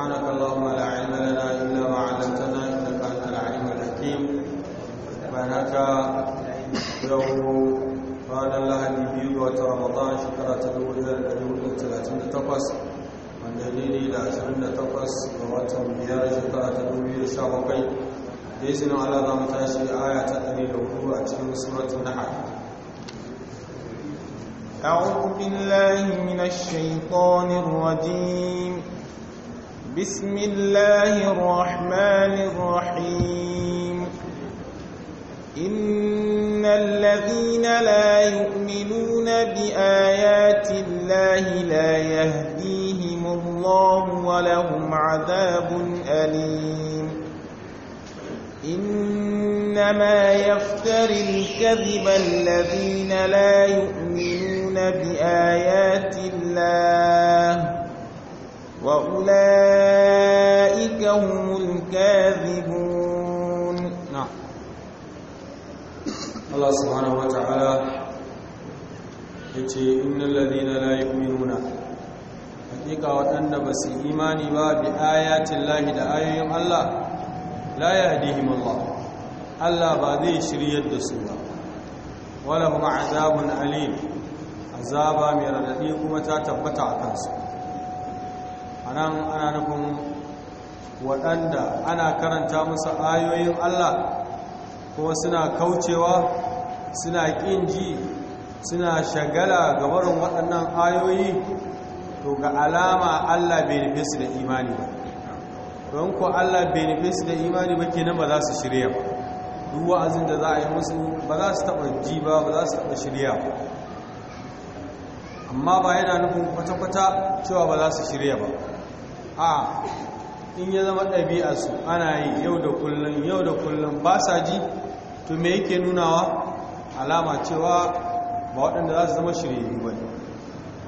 سبحانك اللهم لا علم لنا الا ما علمتنا انك انت العليم الحكيم سبحانك لو قال الله ان يبيض رمضان شكرة الاولى الاولى 30 تقص من دليل الى 20 تقص ووتر بيار شكرة الاولى شابقين باذن الله لا متاشي آية تدليل وقوع تشوف سورة النحل أعوذ بالله من الشيطان الرجيم بسم الله الرحمن الرحيم إن الذين لا يؤمنون بآيات الله لا يهديهم الله ولهم عذاب أليم إنما يفتر الكذب الذين لا يؤمنون بآيات الله وأولئك هم الكاذبون نعم الله سبحانه وتعالى يتي إن الذين لا يؤمنون حقيقة وأن بس إيماني بآيات الله دعايهم الله لا يهديهم الله الله بذي شريد السورة ولهم عذاب أليم عذاب من الذين كما تتبتع كنسوا a nan ana nufin waɗanda ana karanta musu ayoyin Allah ko suna kaucewa suna ƙin ji suna shagala ga barin waɗannan ayoyi to ga alama Allah bai nufi su da imani ba don ku Allah bai nufi su da imani ba kenan ba za su shirya ba duk wa'azin da za a yi musu ba za su taɓa ji ba ba za su taɓa shirya ba amma ba yana nufin kwata-kwata cewa ba za su shirya ba a in ya zama ɗabi'a su ana yi yau da kullum yau da kullum ba sa ji to me yake nunawa alama cewa ba waɗanda za su zama shiryayye ba ne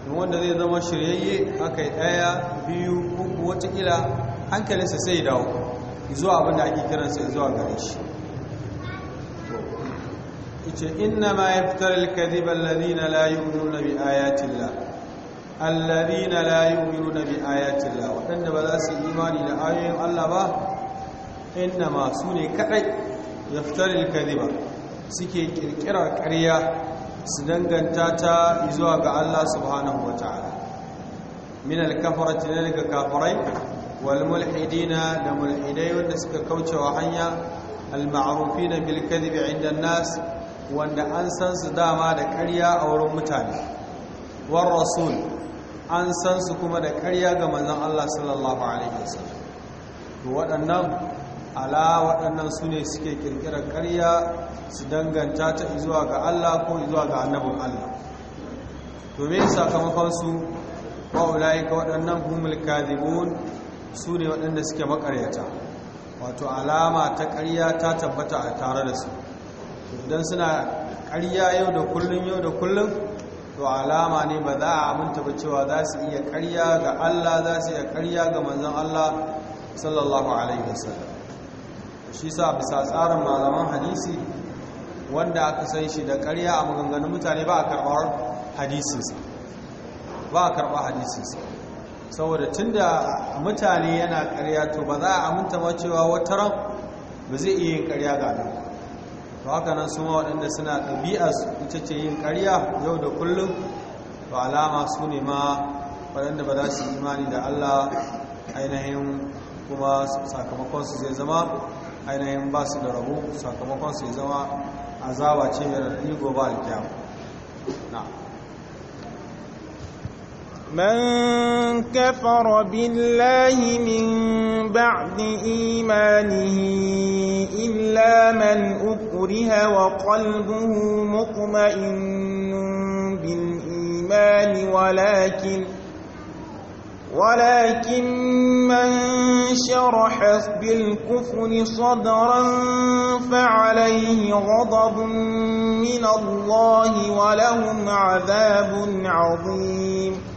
don wanda zai zama shiryayye aka yi ɗaya biyu uku watakila hankalinsa sai dawo zuwa abin da ake kiransa zuwa gare shi ce inna ma yaftar na layi unu na bi ayati alladhina la yu'minuna bi ayati Allah wadanda ba za su imani da ayoyin Allah ba inna ma sune kadai yaftaril kadiba suke kirkirar ƙarya su danganta ta zuwa ga Allah subhanahu wataala min al-kafarati daga kafirai wal mulhidina da mulhidai wanda suka wa hanya al-ma'rufina bil kadhibi 'inda an-nas wanda an san su dama da ƙarya a wurin mutane war rasul an san su kuma da karya ga manzon Allah sallallahu alaihi wasallam to waɗannan ala waɗannan su ne suke kirkirar karya su danganta ta zuwa ga Allah ko zuwa ga annabin Allah domin sakamakonsu ba'ulayi ga waɗannan humul kadibun su ne waɗanda suke makaryata wato alama ta karya ta tabbata a tare da su idan suna karya yau da kullum yau da kullum to alama ne ba za a aminta ba cewa za su iya karya ga Allah za su iya karya ga manzon Allah sallallahu alaihi wasallam shi sa bisa tsarin malaman hadisi wanda aka san shi da karya a maganganun mutane ba a karɓar hadisinsa ba a karɓar hadisinsa saboda tun da mutane yana karya to ba za a aminta ba cewa wata ran ba zai iya yin karya ga Allah to haka nan su ma waɗanda suna ɗabi'a su ita ce yin ƙarya yau da kullum to alama su ne ma waɗanda ba za su yi imani da Allah ainihin kuma sakamakon su zai zama ainihin ba su da rabu sakamakon su zai zama azaba ce mai raɗi gobe alkiyama من كفر بالله من بعد إيمانه إلا من أكره وقلبه مطمئن بالإيمان ولكن ولكن من شرح بالكفر صدرا فعليه غضب من الله ولهم عذاب عظيم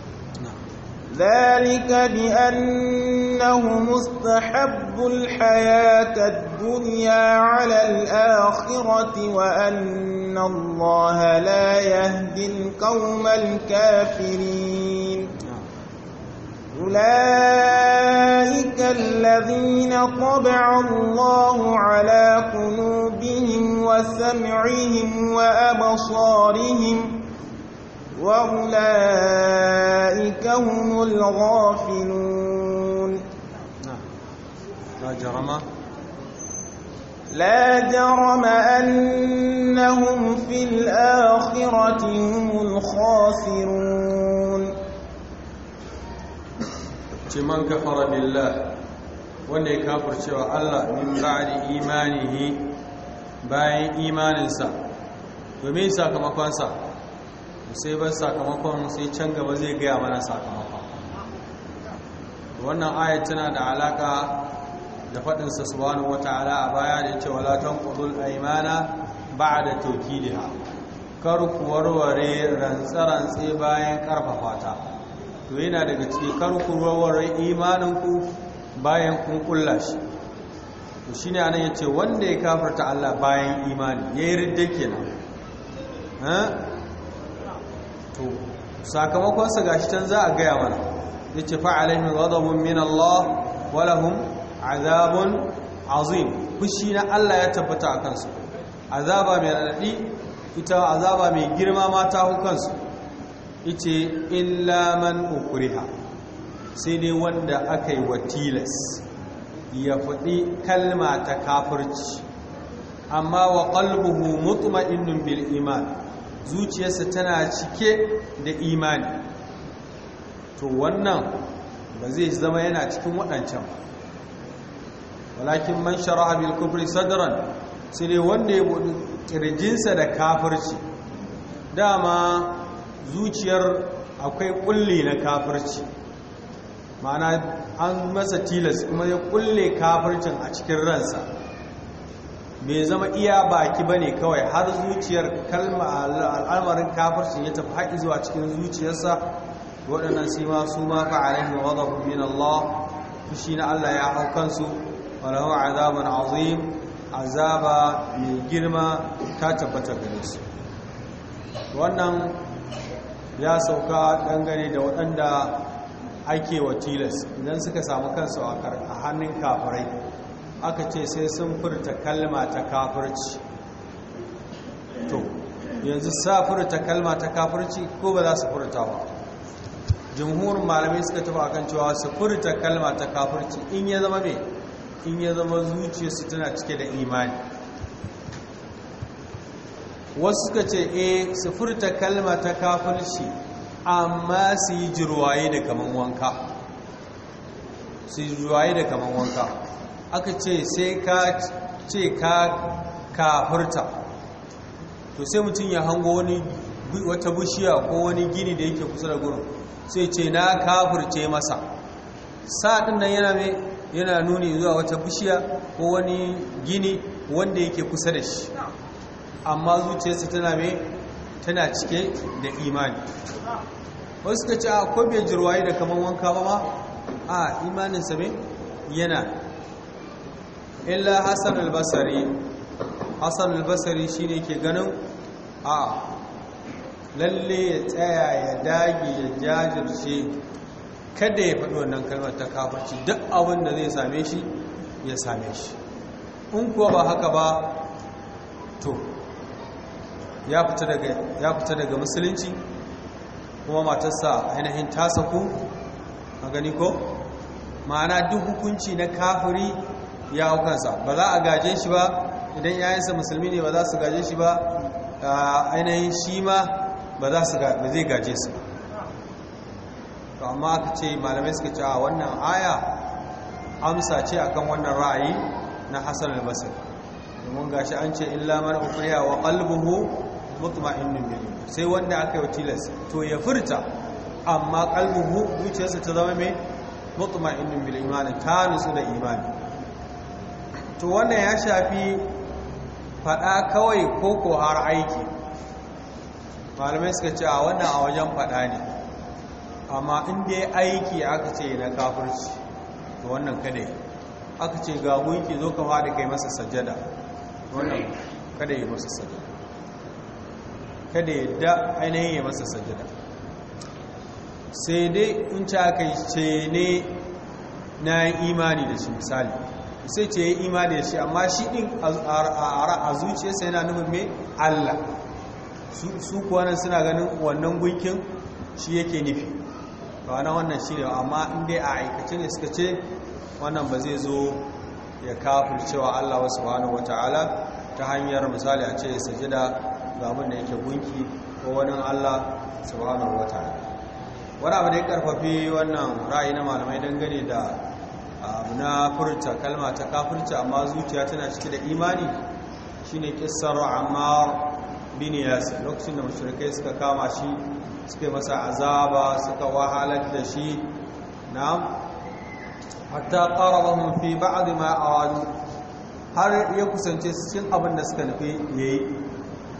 ذلك بأنهم استحبوا الحياة الدنيا على الآخرة وأن الله لا يهدي القوم الكافرين أولئك الذين طبع الله على قلوبهم وسمعهم وأبصارهم وأولئك هم الغافلون لا جرم لا جرم أنهم في الآخرة هم الخاسرون من كفر بالله wanda ya kafircewa Allah min ba'di imanihi bayan imaninsa domin sakamakonsa sai bar sakamakon sai can gaba zai gaya mana sakamakon wannan ayat tana da alaka da faɗinsa subhanahu wata'ala a baya da cewa la tanqudul aymana ba'da tawkidiha kar ku warware rantsarantse bayan karfafa ta to yana daga cikin kar ku warware imanin ku bayan kun kulla shi to shine anan yace wanda ya kafarta Allah bayan imani yayi ridda kenan to sakamakonsa gashi can za a gaya mana yace fa alaihim ghadabun min Allah walahun azabun azim fushi na Allah ya tabbata a kansu azaba mai raɗaɗi ita azaba mai girma mata hukansu yace illa man ukriha sai dai wanda aka yi watilas ya faɗi kalma ta kafirci amma wa mutu mutma'innun bil iman zuciyarsa tana cike da imani to wannan ba zai zama yana cikin waɗancan ba walakin man shara'a bil kufri sadran sai ne wanda ya buɗe ƙirjinsa da kafirci dama zuciyar akwai ƙulle na kafirci ma'ana an masa tilas kuma ya ƙulle kafircin a cikin ransa bai zama iya baki ba ne kawai har zuciyar kalma al'amarin kafarsu ya tafi haƙi zuwa cikin zuciyarsa waɗannan sai ma su ma fa alaihi wa ghadab min Allah fushi na Allah ya hau kansu wa lahu azabun azim azaba mai girma ta tabbata gare su wannan ya sauka dangane da waɗanda ake wa tilas idan suka samu kansu a hannun kafirai aka ce sai sun furta kalma ta kafirci to yanzu sa furta kalma ta kafirci ko ba za su furta ba jamhurin malamai suka tafi akan cewa su furta kalma ta kafirci in ya zama mai in ya zama zuciya su tana cike da imani wasu suka ce e su furta kalma ta kafirci amma su yi jirwaye da kaman wanka su yi jirwaye da kaman wanka aka ce sai ka ce ka kafurta to sai mutum ya hango wani wata bishiya ko wani gini da yake kusa da gurin sai ce na kafurce masa sa'adin nan yana mai yana nuni zuwa wata bishiya ko wani gini wanda yake kusa da shi amma zuciyarsa tana mai tana cike da imani wasu suka ce a ko bai jirwaye da kamar wanka ba ma a imaninsa mai yana illa hassan albasari hassan albasari shi ne ke ganin a lalle ya tsaya ya dage ya jajirce kada ya faɗi wannan kalmar ta kafarci duk abin da zai same shi ya same shi in kuwa ba haka ba to ya fita daga musulunci kuma matarsa ainihin tasaku a gani ko ma'ana duk hukunci na kafiri ya hau kansa ba za a gaje shi ba idan yayansa musulmi ne ba za su gaje shi ba a ainihin shi ma ba zai gaje su ba amma aka ce malamai suka ce a wannan aya amsa ce akan wannan ra'ayi na hassan albasir domin gashi an ce illa man ukuriya wa qalbuhu mutma'innun bil sai wanda aka yi tilas to ya furta amma qalbuhu zuciyarsa ta zama mai mutma'innun bil imanin ta nutsu da imani to wannan ya shafi fada kawai ko ko har aiki malamai suka ce a wannan a wajen fada ne amma inda ya aiki aka ce na kafirci to wannan kada aka ce ga gunki zo ka da kai masa sajada wannan kada yi masa sajada kada yadda ainihin yi masa sajada sai dai in ce aka ce ne na imani da shi misali sai ce ya imani da shi amma shi din a zuciya sai yana nufin mai Allah su kuwa suna ganin wannan gunkin shi yake nufi ba wannan shi ne amma inda a aikace ne suka ce wannan ba zai zo ya kafin cewa Allah wasu wa wata'ala ta hanyar misali a ce ya sajida ga abin da yake gunki ko wani Allah subhanahu wata wata'ala, wani abu da ya karfafi wannan ra'ayi na malamai dangane da abu na furta kalma ta kafurta amma zuciya tana cike da imani shine kissar ammar bin yasir lokacin da mashirkai suka kama shi suka masa azaba suka wahalar da shi na hatta qarabahum fi ba'd ma wani har ya kusance cikin abin da suka nufi yayi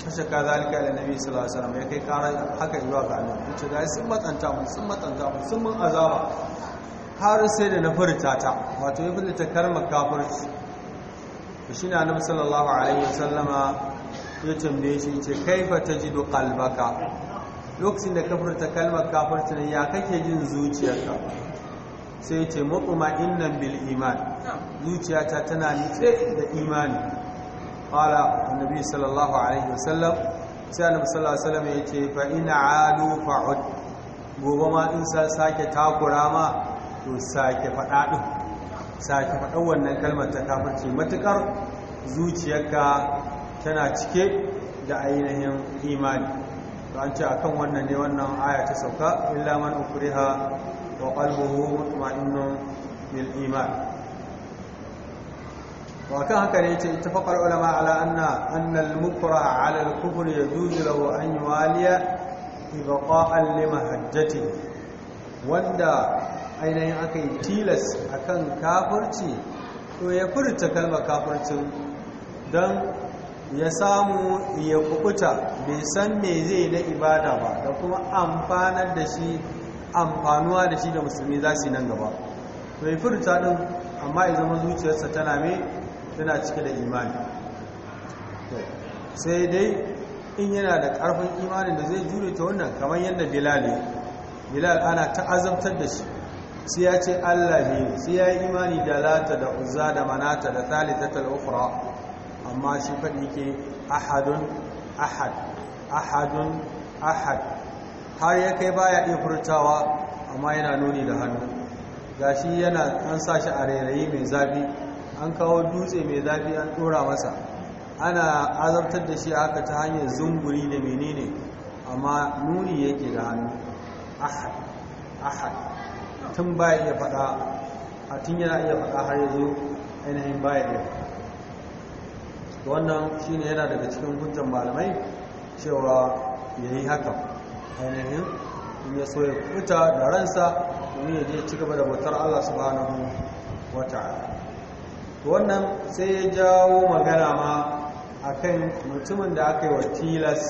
kashe ka zalika da nabi sallallahu alaihi wasallam ya kai karar haka zuwa ga annabi ce ga sun matsanta mu sun matsanta mu sun mun azaba har sai da na furta ta wato ya furta karma kafirci shi na annabi sallallahu alaihi wasallama ya tambaye shi ce kaifa tajidu qalbaka lokacin da ka furta kalmar kafirci ne ya kake jin zuciyarka sai ce innan bil iman zuciyata tana nitse da imani qala annabi sallallahu alaihi wasallam sai annabi sallallahu alaihi wasallam ya ce fa in aadu fa'ud gobe ma in sa sake takura ma to sake faɗa ɗin sake faɗa wannan kalmar ta kafirci matuƙar zuciyarka tana cike da ainihin imani to an ce akan wannan ne wannan aya ta sauka illa man ukriha wa qalbuhu mutma'innun bil iman wa kan haka ne yace ittafaqal ulama ala anna annal al mukrah ala al kufr yajuzu lahu an yuwaliya ibqa'an limahajjati wanda ainihin aka yi tilas a kan kafurci to ya furta kalmar kafurcin don ya samu ya kukuta bai san me zai na ibada ba da kuma amfanar da shi amfanuwa da shi da musulmi za su yi nan gaba to ya furta ɗin amma ya zama zuciyarsa tana mai tana cike da imani sai dai in yana da ƙarfin imanin da zai jure ta wannan kamar yadda bilal bilal ana ta azabtar da shi sai ya ce Allah ne sai ya yi imani da lata da uzza da manata da thalithatul ukhra amma shi faɗi ke ahadun ahad ahadun ahad har ya kai baya iya furtawa amma yana nuni da hannu gashi yana an sa shi a rairayi mai zafi an kawo dutse mai zafi an ɗora masa ana azartar da shi aka ta hanyar zunguri da menene amma nuni yake da hannu ahad ahad tun baya iya faɗa a tun yana iya faɗa har yanzu ainihin baya iya wannan shi ne yana daga cikin hujjan malamai cewa ya yi haka ainihin in ya so ya fita da ransa domin ya je ci gaba da bautar Allah subhanahu wa ta'ala wannan sai ya jawo magana ma a kan mutumin da aka yi wa tilas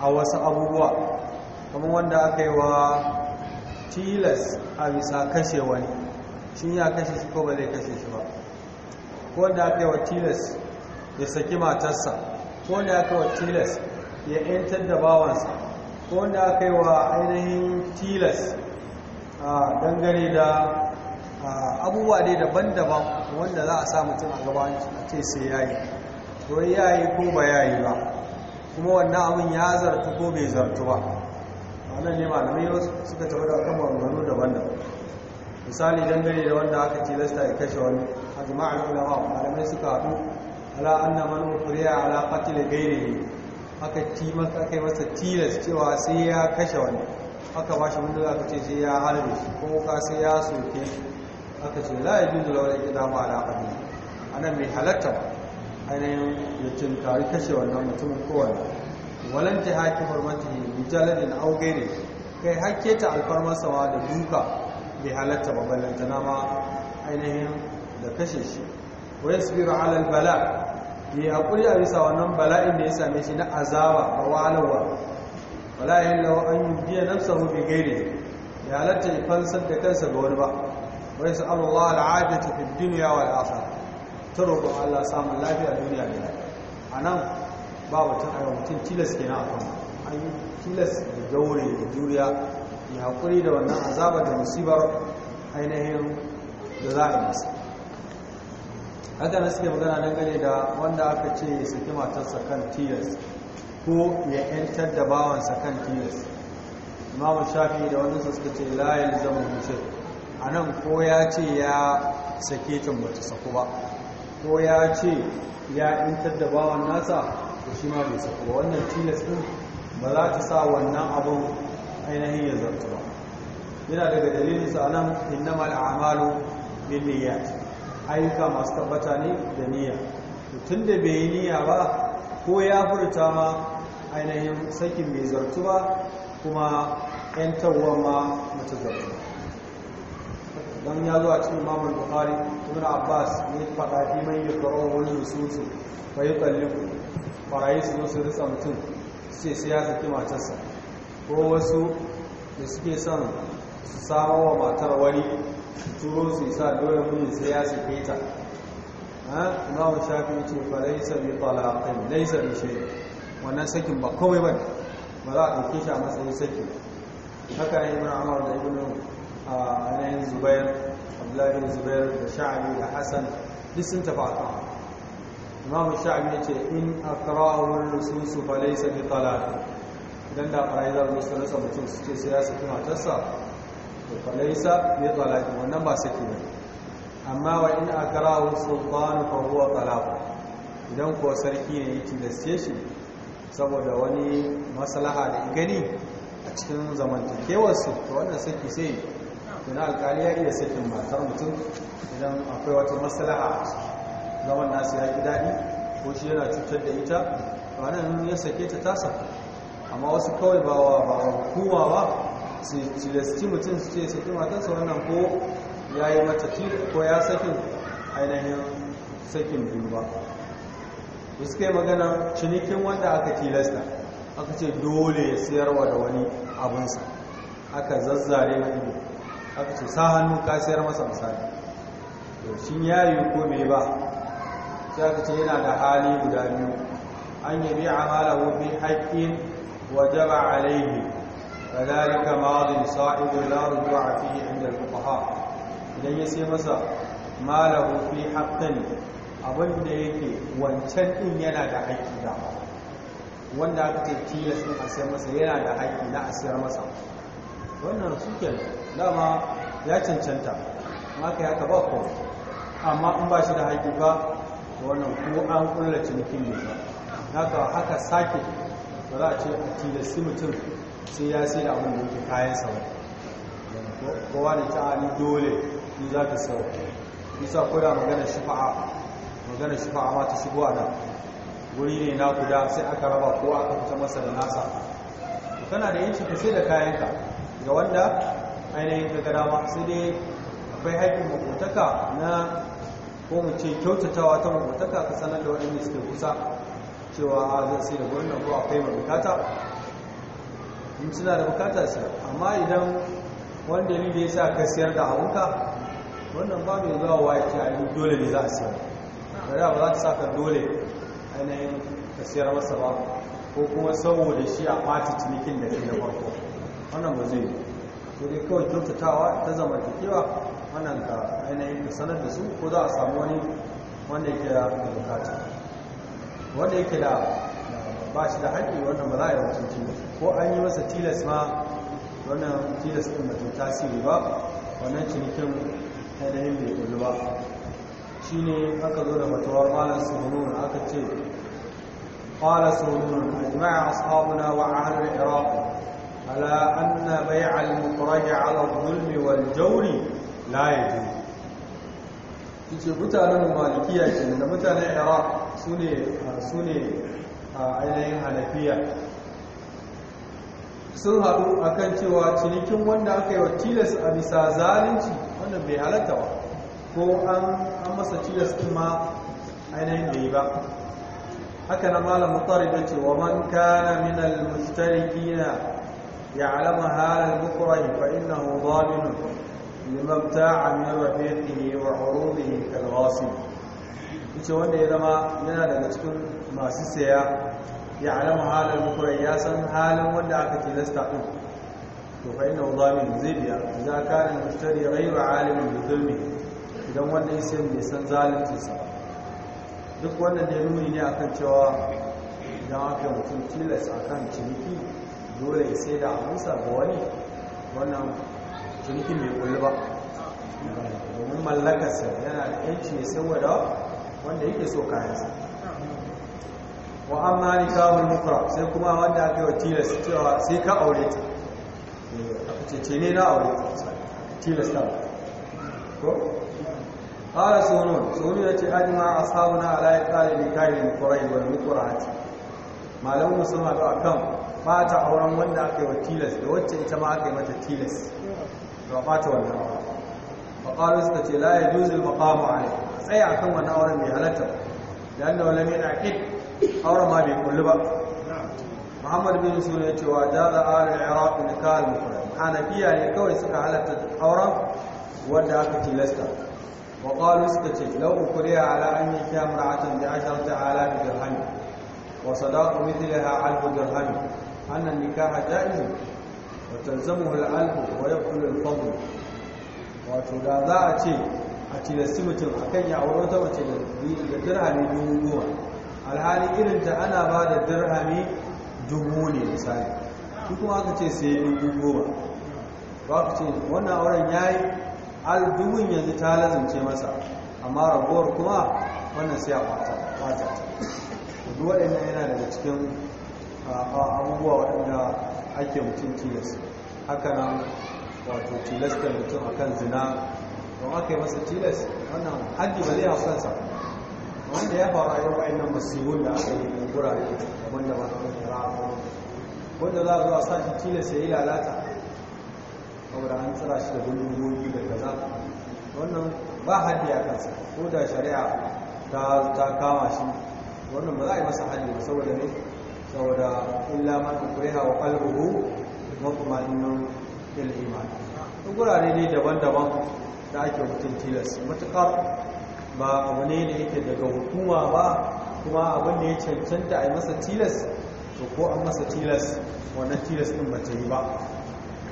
a wasu abubuwa kamar wanda aka yi wa tilas a bisa kashe wani shi ya kashe shi ko ba zai kashe shi ba ko da aka yi wa tilas ya saki matarsa ko da aka yi wa tilas ya yantar da bawansa ko da aka yi wa ainihin tilas a dangane da abubuwa dai daban-daban wanda za a sa mutum a gaba a ce sai ya yi to ya ko ba ya yi ba kuma wannan abin ya zartu ko bai zartu ba wannan ne malamai yau suka tafi da kan maganganu daban-daban misali dangane da wanda aka tilasta ya kashe wani A ajma'ul ulama malamai suka haɗu ala anna man ukriya ala gairi ne aka ci maka aka masa tilas cewa sai ya kashe wani aka bashi wanda aka ce sai ya harbe shi ko ka sai ya soke shi aka ce la yajuzu lahu al-qidamu ala qatl anan mai halatta ainihin ya tunkari kashe wannan mutumin kowanne Walin ta haki hurmatihi bi jaladin kai hakke ta alfarmasawa da duka bai halatta ba ballantana nama, ainihin da kashe shi Wai yasbiru bala albala ya hakuri a bisa wannan bala'in da ya same shi na azaba a walawa wala yallahu an na nafsahu bi ghairi ya halatta ya fansar da kansa ga wani ba wa yas'alu Allah al'adata fid duniya wa akhirah ta roƙon Allah samun lafiya duniya da lafiya ba wata a mutum tilas ke na a kan an yi tilas da gaure da juriya ya haƙuri da wannan azabar da musibar ainihin da za a yi masa haka na suke magana dangane da wanda aka ce ya saki matarsa kan tilas ko ya ‘yantar da bawansa kan tilas imamu shafi da wani suka ce layin zama mace a nan ko ya ce ya sake ta mace sako ba ko ya ce ya ‘yantar da bawan nasa to shi ma bai sako wannan tilas din ba za ta sa wannan abin ainihin ya zarta ba yana daga dalilin sa nan innamal al'amalu bin niyyat ayyuka masu tabbata ne da niyya to da bai yi niyya ba ko ya furta ma ainihin sakin bai zartu ba kuma 'yan tawwa ma mace zartu don ya zuwa cikin mamun buhari ibn abbas ne faɗa fi mai yi sun su bai kalli barayi su zo su mutum su ce ya zaki matarsa ko wasu da suke son su samo wa matar wani su turo su isa dole mun sai ya sake ta ha imamu shafi ce fa laysa bi talaqin laysa bi wannan sakin ba kawai ba ba za a ɗauke shi a matsayin saki haka ibn amma da ibn anayin ah, zubair abdullahi zubair da sha'ani da hasan duk sun tafi imam sha'abi ya ce in akra'ahu an-nusus fa laysa bi talaq idan da farai za rasa mutum su ce sai ya saki matarsa to fa laysa bi talaq wannan ba saki ba amma wa in akra'ahu sultan fa huwa talaq idan ko sarki ne ya da shi saboda wani maslaha da gani a cikin zamantakewarsu to wannan saki sai tuna alƙali ya iya sakin matar mutum idan akwai wata maslaha zaman nasu ya ki daɗi ko shi yana cutar da ita ba nan ya sake ta tasa amma wasu kawai ba wa hukuma ba su tilasti mutum su ce sake matansa wannan ko ya yi mata ko ya sakin ainihin sakin biyu ba da suka yi magana cinikin wanda aka tilasta aka ce dole ya sayarwa da wani abinsa aka zazzare na ido aka ce sa hannu ka sayar masa misali to shi ya yi ko mai ba sai aka ce yana da hali guda biyu an yi bi amalahu bi haqqin wajaba alayhi kadhalika madin sa'idu zuwa a fiye inda al-fuqaha idan ya sai masa malahu fi haqqin abin da yake wancan ɗin yana da haƙƙi da wanda aka ce tilas din a sayar masa yana da haƙƙi na a sayar masa wannan suke dama ya cancanta maka ya ka ba ko amma in ba shi da haƙƙi ba wannan ko an kula cinikin ne ba haka haka sake ba za a ce a tilasti mutum sai ya sai da abin da yake kayan sau kowa ne ta hali dole ni za ka sau nisa koda magana shifa'a magana shifa'a ma ta shigo a nan wuri ne na guda sai aka raba ko aka fita masa da nasa kana da yanci ka sai da kayanka ga wanda ainihin ka gada ma sai dai akwai haifin makotaka na ko mu ce kyautatawa ta mamataka ka sanar da waɗanda suke kusa cewa a zai sai da wannan ko akwai ma bukata in suna da bukata sai amma idan wanda ne da ya sa ka siyar da abunka wannan ba mai zuwa wa ya ce dole ne za a siyar bari ba za ta sa ka dole ainihin ka siyar masa ba ko kuma saboda shi a ɓata cinikin da ke da farko wannan ba zai yi dai kawai kyautatawa ta zamantakewa wannan ka ainihin ka sanar da su ko za a samu wani wanda yake da bukata wanda yake da ba shi da haƙƙi wannan ba za a yi wancan tilas ko an yi masa tilas ma wannan tilas ɗin ba ta tasiri ba wannan cinikin ainihin bai kullu ba shi ne aka zo da matawar malar sunanun aka ce قال سرور أجمع أصحابنا وأهل العراق على أن بيع المخرج على الظلم والجور la ya ce mutanen malikiya ce da mutanen iraq su a ainihin hanafiya sun haɗu a kan cewa cinikin wanda aka yi wa tilas a bisa zalunci wanda bai halatta ba ko an masa tilas ma ainihin da yi ba haka na malam mutari da ce wa man kana min al ya alama halal mukrahi fa innahu zalimun lima a min rafiqihi wa urubihi wanda ya zama yana daga cikin masu saya ya alama halin mukurai ya san halin wanda aka tilasta din to fa inna zalim zai biya idan ya mushtari ghayru alimin bi zulmi idan wanda ya san bai san zalunci sa duk wannan da nuni ne akan cewa idan aka mutum tilas akan ciniki dole sai da amsa ga wani wannan cinikin mai kullu ba domin mallakarsa yana da yanci ya saboda wanda yake so kayansa wa amma ni kawun mukra sai kuma wanda aka yi wa tilas cewa sai ka aure ta eh, a cece ne na aure ta tilas ta ko ƙara sonon sonon ya ce ma a sauna a layi ƙalibin kayan kurai wani mukura hati malamun suna ga akan ba ta auren wanda aka yi wa tilas da wacce ita ma aka yi mata tilas ba fata wannan ba faƙaru suka ce la ya juzul a alai tsaya akan wannan auren mai halatta da annabi wala min aqid auren ma bai kullu ba Muhammad bin Sulu ya ce wa jaza alal iraq nikah al Ana hanafiya ne kawai suka halatta auren wanda aka tilasta wa suka ce law ukriya ala an yakam ra'atan bi asharati ala dirham wa sadaqu mithlaha alfu dirham annan nikaha jaiz وتلزمه العلم ويبطل الفضل wato da za a ce a tilasti mutum a kan yawon wata mace da dirhami dubu goma alhali ta ana ba da dirhami dubu ne misali su kuma aka ce sai dubu goma ba ku ce wannan auren ya yi aldubun yanzu ta lazance masa amma ragowar kuma wannan sai a kwata ta duk waɗannan yana daga cikin abubuwa waɗanda ake mutum tilas haka nan wato tilasta mutum a kan zina don aka yi masa tilas wannan haji ba zai hau kansa wanda ya fara yau a nan masibun da aka yi gurare wanda ba ta kira a wanda za a zuwa sashi tilas ya yi lalata saboda an tsira shi da gundumogi da kaza wannan ba haddi a kansa ko da shari'a ta kama shi wannan ba za a yi masa ba saboda ne saboda illa man ukriha wa qalbuhu mutma'innun bil iman gurare ne daban-daban da ake mutum tilas matukar ba abu ne da yake daga hukuma ba kuma abin da ya cancanta a yi masa tilas to ko an masa tilas wannan tilas din ba ta yi ba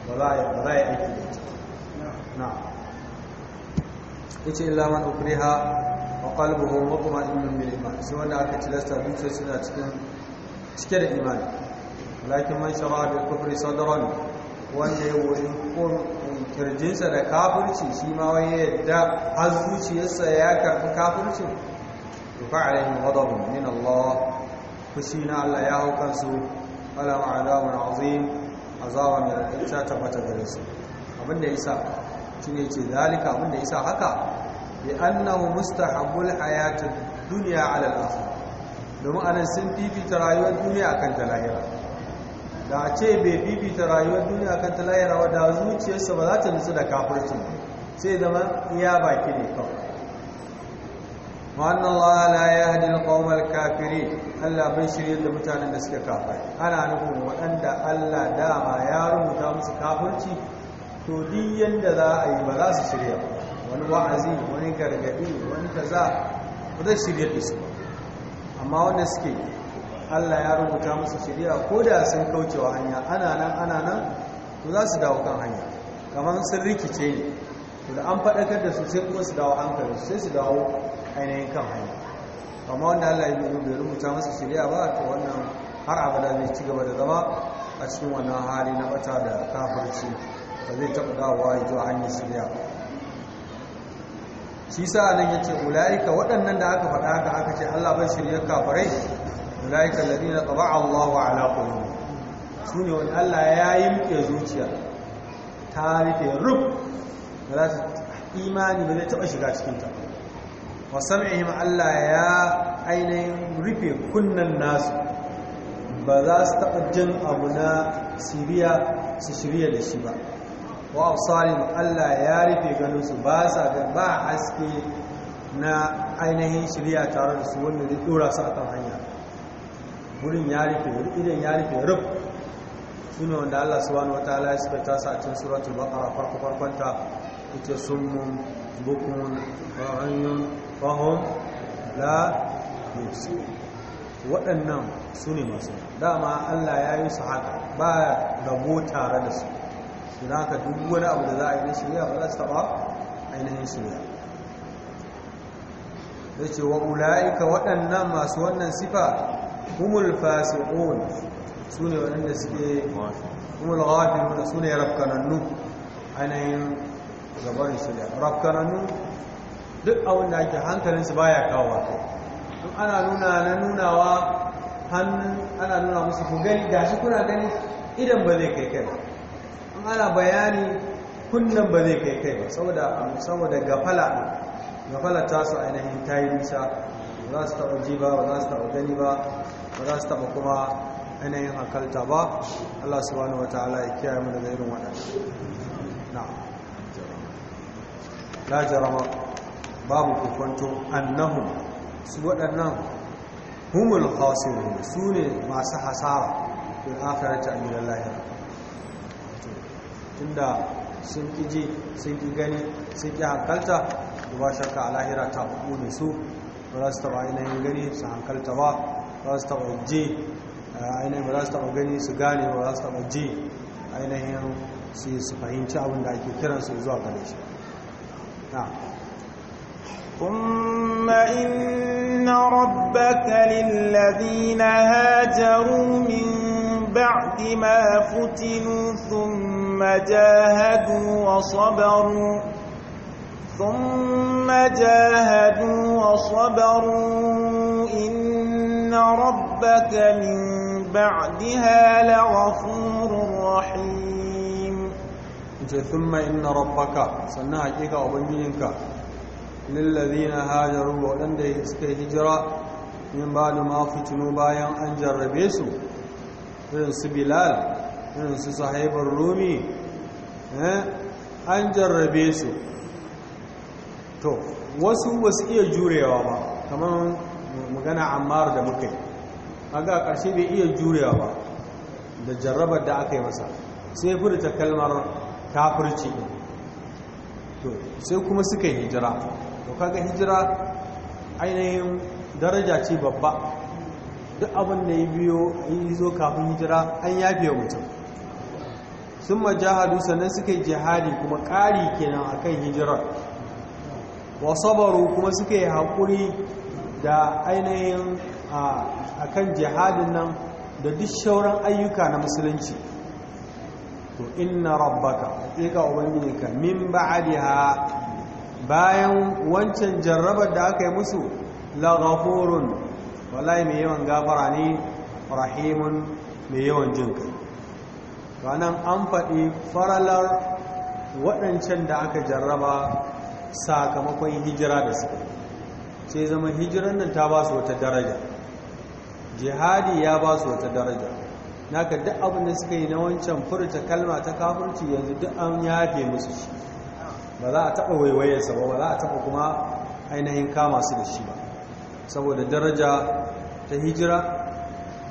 ba za a yi aiki da ita na ita illa man ukriha wa qalbuhu mutma'innun bil iman sai wanda aka tilasta sai suna cikin cike da imani lakin mai shara da kufri sadran wanda ya wuri kirjinsa da kafirci shi ma waye yadda har zuciyarsa ya karfi kafirci to fa alaihim ghadabun min Allah fushi na Allah ya hau kansu ala ma'adamun azim azaba mai rarrace ta fata gare su abinda yasa shine ce zalika abinda yasa haka bi annahu mustahabbul hayatid dunya ala al-akhirah da anan sun fifita rayuwar duniya a ta lahira da a ce bai fifita rayuwar duniya a ta lahira wa da zuciyarsa ba za ta nutsu da kafirci sai zama iya baki ne kawai wannan Allah la ya hadi alqawmal kafirin Allah bai shirya da mutanen da suke kafiri ana nufin waɗanda Allah dama ya rubuta musu kafirci to din yadda za a yi ba za su shirya wani wa'azi wani gargadi wani kaza ba zai shirya da su ba amma wanda suke Allah ya rubuta musu shari'a ko da sun kaucewa hanya ana nan ana nan to za su dawo kan hanya kamar sun rikice ne to da an faɗakar da su sai kuma su dawo hankali sai su dawo ainihin kan hanya amma wanda Allah ya bai rubuta musu shari'a ba to wannan har abada zai ci gaba da zama a cikin wannan hali na bata da kafarci ba zai taɓa dawowa ya zuwa hanyar shari'a shi sa nan ya ce ula'ika waɗannan da aka faɗa haka aka ce allah bai shirya kafirai ula'ika ladina taba allahu ala qulubi su ne wani allah ya yi muke zuciya ta rufe rub ba za imani ba zai taɓa shiga cikinta wasam'ihim allah ya ainihin rufe kunnan nasu ba za su taɓa jin abu na siriya su shirya da shi ba wa salim Allah ya rufe ganinsu ba sa ga ba haske na ainihin shirya tare da su wanda zai dora su akan hanya wurin ya rufe idan ya rufe rub su ne wanda Allah wata ala ya sifata su a cikin suratul baqara farko farkon ta ita summun bukun, ra'ayun fahum la yusu waɗannan su ne masu dama Allah ya yi su haka ba rabo tare da su Suna haka duk wani abu da za a yi na shirya ba za su taba ainihin shirya da ce wa ula'ika waɗannan masu wannan sifa humul fasiqun su ne waɗanda suke humul ghafilun su ne rafkanannu ainihin gabarin shirya rafkanannu duk abin da ake hankalinsu ya kawo kai tun ana nuna na nunawa hannun ana nuna musu ku gani da shi kuna gani idan ba zai kai kai ana bayani kunnan ba zai kai kai ba saboda saboda gafala gafala ta su ainihin ta yi nisa ba za su taɓa ji ba ba za su taɓa gani ba ba za su taɓa kuma ainihin hakalta ba Allah subhanahu wataala ya kiyaye mu daga irin waɗanda na jarama babu kokonto annahu su waɗannan humul khasirun su ne masu hasara fil akhirati amilallahi tunda sun ki ji sun ki gani sun ki hankalta da ba shakka a lahira ta uku ne su ba za su taba ainihin gani su hankalta ba ba su taba ji ainihin ba za su taba gani su gane ba za su taba ji ainihin su su fahimci abin da ake kiran su zuwa gare shi ثم إن ربك للذين هاجروا من بعد ما فتنوا ثم ثم جاهدوا وصبروا ثم جاهدوا وصبروا إن ربك من بعدها لغفور رحيم ثم إن ربك سنة حقيقة أبنجينك للذين هاجروا ولنده اسكي هجرة من بعد ما فتنوا بايا أن جربيسوا irin irin su sahibar rumi eh, an jarrabe su to wasu wasu iya jurewa ba kamar magana ammar da muka yi aga karshe bai iya jurewa ba da jarrabar da aka yi masa sai fi takalmar kalmar kafirci to sai kuma suka yi hijira to kaga hijira ainihin daraja ce babba duk abinda ya biyo yi zo kafin hijira an yafe mutum sun majahadu sannan suka jihadi kuma ƙari kenan a kan hijirar wasabaru kuma suka yi haƙuri da ainihin a kan jihadin nan da duk shauran ayyuka na musulunci to ina rabbaka haƙiƙa ka min ba'adiha bayan wancan jarrabar da aka yi musu laghafurun wallahi mai yawan gafara ne rahimun mai yawan jinkai ranar an faɗi faralar waɗancan da aka jarraba sakamakon hijira da suka sai zama hijiran nan ta ba su wata daraja jihadi ya ba su wata daraja naka duk abin da suka yi na wancan furta kalma ta kafurci yanzu duk an yafe musu shi ba za a taɓa waiwayensa ba ba za a taɓa kuma ainihin kama su da shi ba saboda daraja ta hijira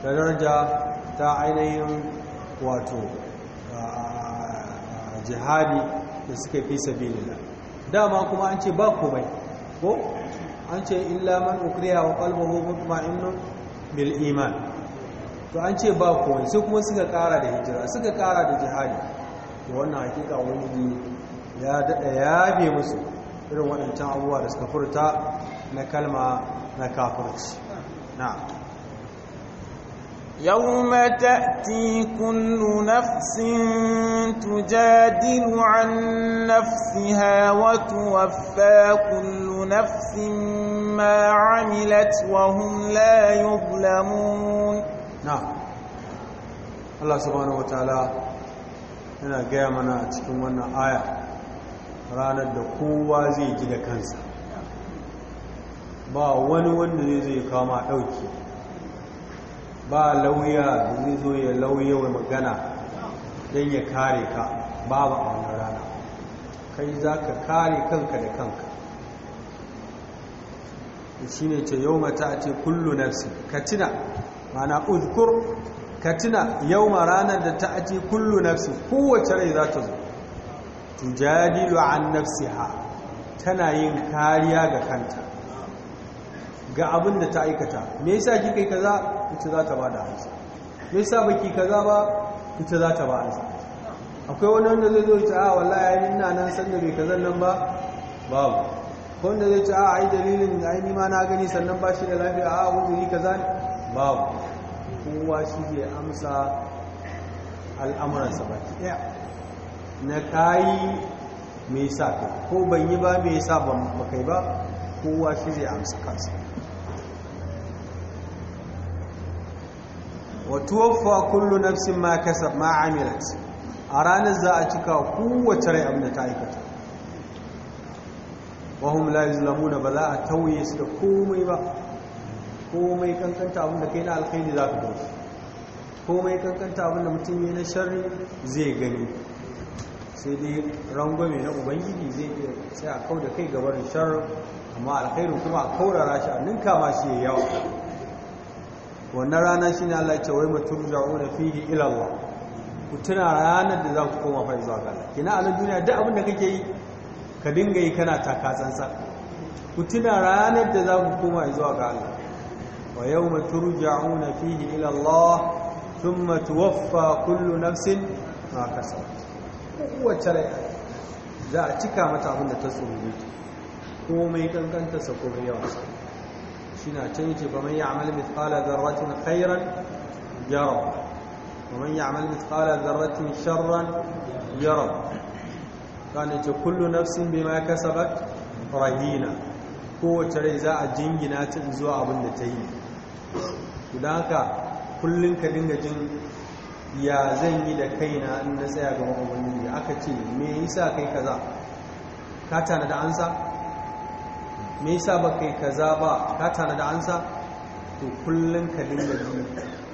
da daraja ta ainihin wato jihadi da suka fi sabilillah dama kuma an ce ba komai ko an ce illa man ukriya wa qalbuhu mutma'innun bil iman to an ce ba komai sai kuma suka kara da hijira suka kara da jihadi to wannan hakika wani ya dada be musu irin waɗancan abubuwa da suka furta na kalma na kafirci na'am يوم تأتي كل نفس تجادل عن نفسها وتوفى كل نفس ما عملت وهم لا يظلمون نعم الله سبحانه وتعالى هنا قيامنا تكون آية رانا الدقوة زي جدا كنسا با ون ون زي كاما أوكي ba lauya domin zai zo ya lauya wa magana don ya kare ka babu a wani rana kai za ka kare kanka da kanka shi ne ce yau mata a ce kullu nafsi ka tuna mana uzkur ka tuna yau ma ranar da ta a ce kullu nafsi kowace rai za ta zo tujadilu an ha, tana yin kariya ga kanta ga abin da ta aikata me yasa kika yi kaza ita za ta ba da hansa me yasa baki kaza ba ita za ta ba hansa akwai wani wanda zai zo ce a ah, wallahi ina nan san da bai kazan nan ba babu wanda zai ce a ah, ai dalilin da ai nima na gani sannan ba shi da lafiya ah, a ni kaza babu kowa shi ke amsa al'amuransa baki ɗaya na kayi me sa ko ban yi ba me sa ba kai ba kowa shi zai amsa kansa wa tuwaffa kullu nafsin ma kasab ma amilat a ranar za a cika kowace rai abin da ta aikata wahum la yuzlamuna ba za a tauye su da komai ba komai kankanta abin da kai na alkhairi za ka dauki komai kankanta abin da mutum yana sharri zai gani sai dai rangwame na ubangiji zai iya sai a kau da kai gabar sharri amma alkhairu kuma a kaurara shi a ninka ma shi yawa wannan rana shi ne Allah ya ce wai na fihi ilawa ku tuna ranar da za ku koma fa zuwa ga Allah kina a duniya duk abin da kake yi ka dinga yi kana taka tsantsa ku tuna ranar da za ku koma zuwa ga Allah wa yawma na fihi ila Allah thumma tuwaffa kullu nafsin ma kasabat kowace rai za a cika mata abin da ta tsoro komai kankantarsa komai yawansa shine can yake ba man amal mithqala dharratin khairan yara wa man amal mithqala dharratin sharran yara kana ce kullu nafsin bima kasabat rahina kowace rai za a jingina ta zuwa abin da ta yi Idan haka kullum ka dinga jin ya zan yi da kaina in na tsaya ga ubangiji aka ce me yasa kai kaza ka tana da ansa me yasa ba kai kaza ba ka tana da ansa to kullum ka dinga ji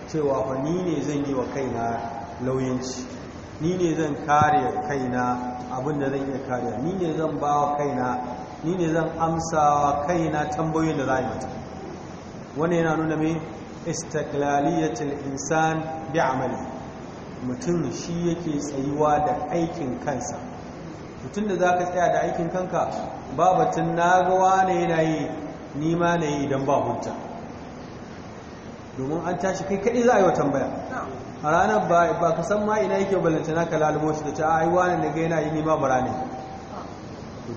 cewa fa ni ne zan yi wa kaina lauyanci ni ne zan kare kaina abin da zan iya kare ni ne zan ba wa kaina ni ne zan amsa wa kaina tambayoyin da za yi mata Wani yana nuna mai istiklaliyatul insan bi amali mutum shi yake tsayuwa da aikin kansa mutum da za ka tsaya da aikin kanka ba batun na gawa na yi nima na yi don ba hujja domin an tashi kai kaɗi za a yi wa tambaya a ranar ba ka san ma ina yake balance na ka shi da ta a ne na daga yana yi nima bara ne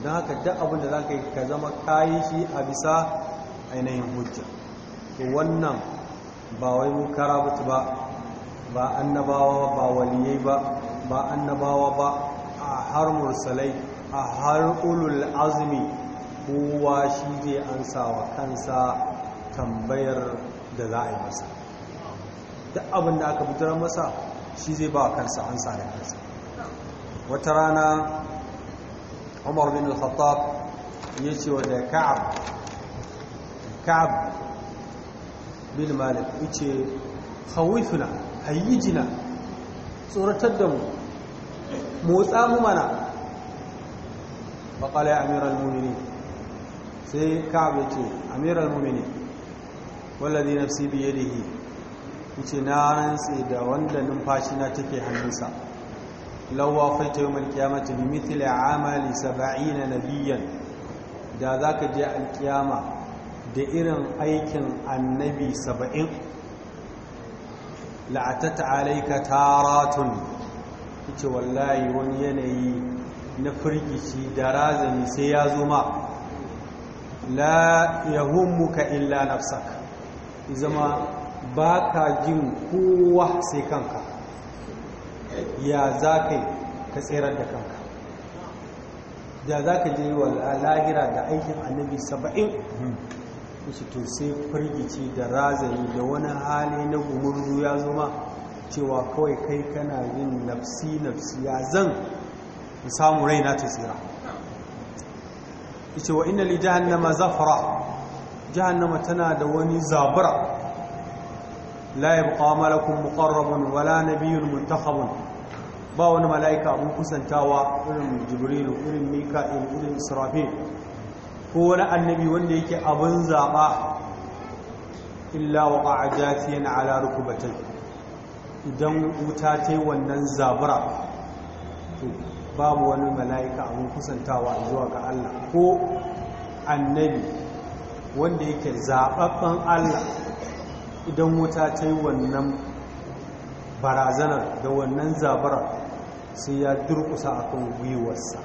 don haka duk abin da za ka yi ka zama kayi shi a bisa ainihin hujja ko wannan ba wai mu kara ba ba annabawa ba waliyai ba ba annabawa ba har mursalai a har ulul azumi kowa shi zai ansa wa kansa tambayar da za a yi masa duk abin da aka fitar masa shi zai ba kansa ansa da kansa wata rana umar bin al-khattab ya ce wa da ka'ab ka'ab bin malik ya ce khawifuna hayyijina tsoratar da mu motsa mu mana faƙala ya amiral mumini sai ka'ab ce amiral mumini wallazi nafsi biye da hi ce na rantse da wanda numfashi na take hannunsa lawa faita yau malkiyamata bi mitila amali na nabiyan da za ka je alkiyama da irin aikin annabi saba'in la'atata alaika taratun ce wallahi wani yanayi na firgici da razani sai ya zo ma la illa nafsak zama ba ka jin kowa sai kanka ya za ka ka tserar da kanka da za ka je wa lahira da aikin annabi saba'in su to sai firgici da razani da wani hali na gumurru ya zo ma cewa kawai kai kana yin nafsi nafsi ya zan samu raina ta tsira ita wa inna li jahannama zafara jahannama tana da wani zabura la yabqa malakun muqarrabun wala nabiyyun muntakhabun ba wani mala'ika abun kusantawa irin jibrilu irin mika'il irin israfil ko wani annabi wanda yake abun zaba illa wa qa'adatin ala rukubatai idan wuta ta yi wannan zabura to babu wani mala'ika abin kusantawa zuwa ga Allah ko annabi wanda yake zaɓaɓɓen Allah idan wuta ta yi wannan barazanar da wannan zabarar sai ya durkusa a kan gwiwarsa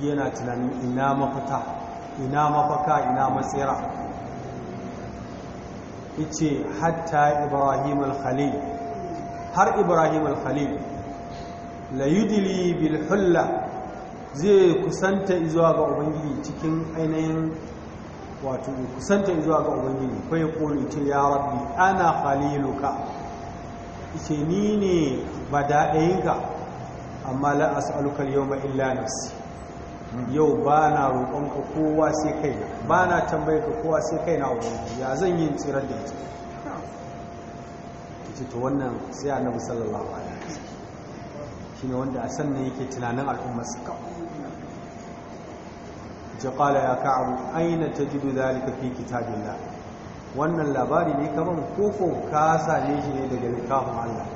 yana tunanin ina mafuta ina mafaka ina matsira ice hatta ibrahim al-khalil har ibrahim al-khalil la yudili bil hulla zai kusanta zuwa ga ubangiji cikin ainihin wato kusanta zuwa ga ubangiji kai koli ce ya rabbi ana khaliluka ce ni ne daɗayinka. amma la as'aluka al-yawma illa nafsi yau ba na roƙonka kowa sai kaina ba na tambayarka kowa sai kaina ubangiji ya zan yi tsirar da ita ce to wannan sai na musallar labarai. wasallam wanda a sannan yake tunanin al'ummar su kawai ja qala ya ka'ab aina tajidu zalika fi kitabillah wannan labari ne kaman koko ka same shi ne daga littafin Allah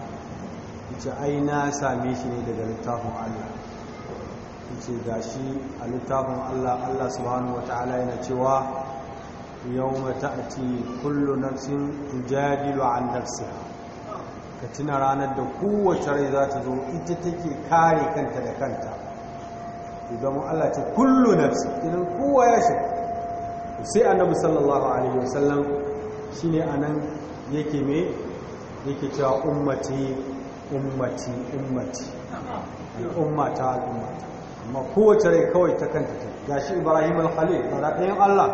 yace aina same shi ne daga littafin Allah yace gashi a littafin Allah Allah subhanahu wataala yana cewa yawma ta'ti kullu sun tujadilu an nafsiha ka tuna ranar da kowace rai za ta zo ita take kare kanta da kanta idan Allah ce kullu nafsi idan kowa ya shi sai annabi sallallahu alaihi wasallam shine anan yake me yake cewa ummati ummati ummati ummata ummata amma kowace rai kawai ta kanta ta gashi ibrahim al-khalil fara ɗayan Allah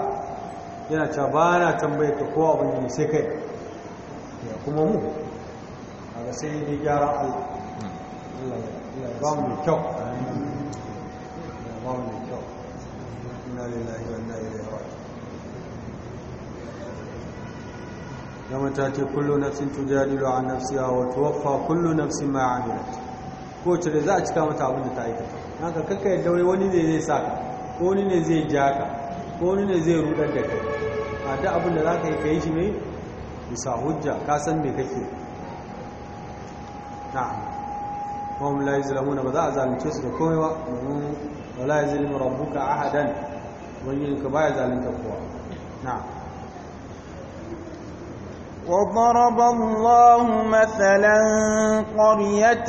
yana cewa ba na tambaye ka ko abin sai kai kuma mu daga sai ne gyara Allah Allah ba mu kyau ba mu kyau inna lillahi wa inna ilaihi raji'un كما تأتي كل نفس تجادل عن نفسها وتوفى كل نفس ما عملت ko cire za a cika mata abin da ta aikata haka kakka yadda wai wani ne zai saka ko wani ne zai ja ka ko wani ne zai rudar da kai a da abin da za ka yi ka yi shi mai bisa hujja ka san me kake نعم هم لا يزلمون بدا ظالم تشك كوموا ولا يزلم ربك احدا وينك باي ظالم تقوا نعم وضرب الله مثلا قرية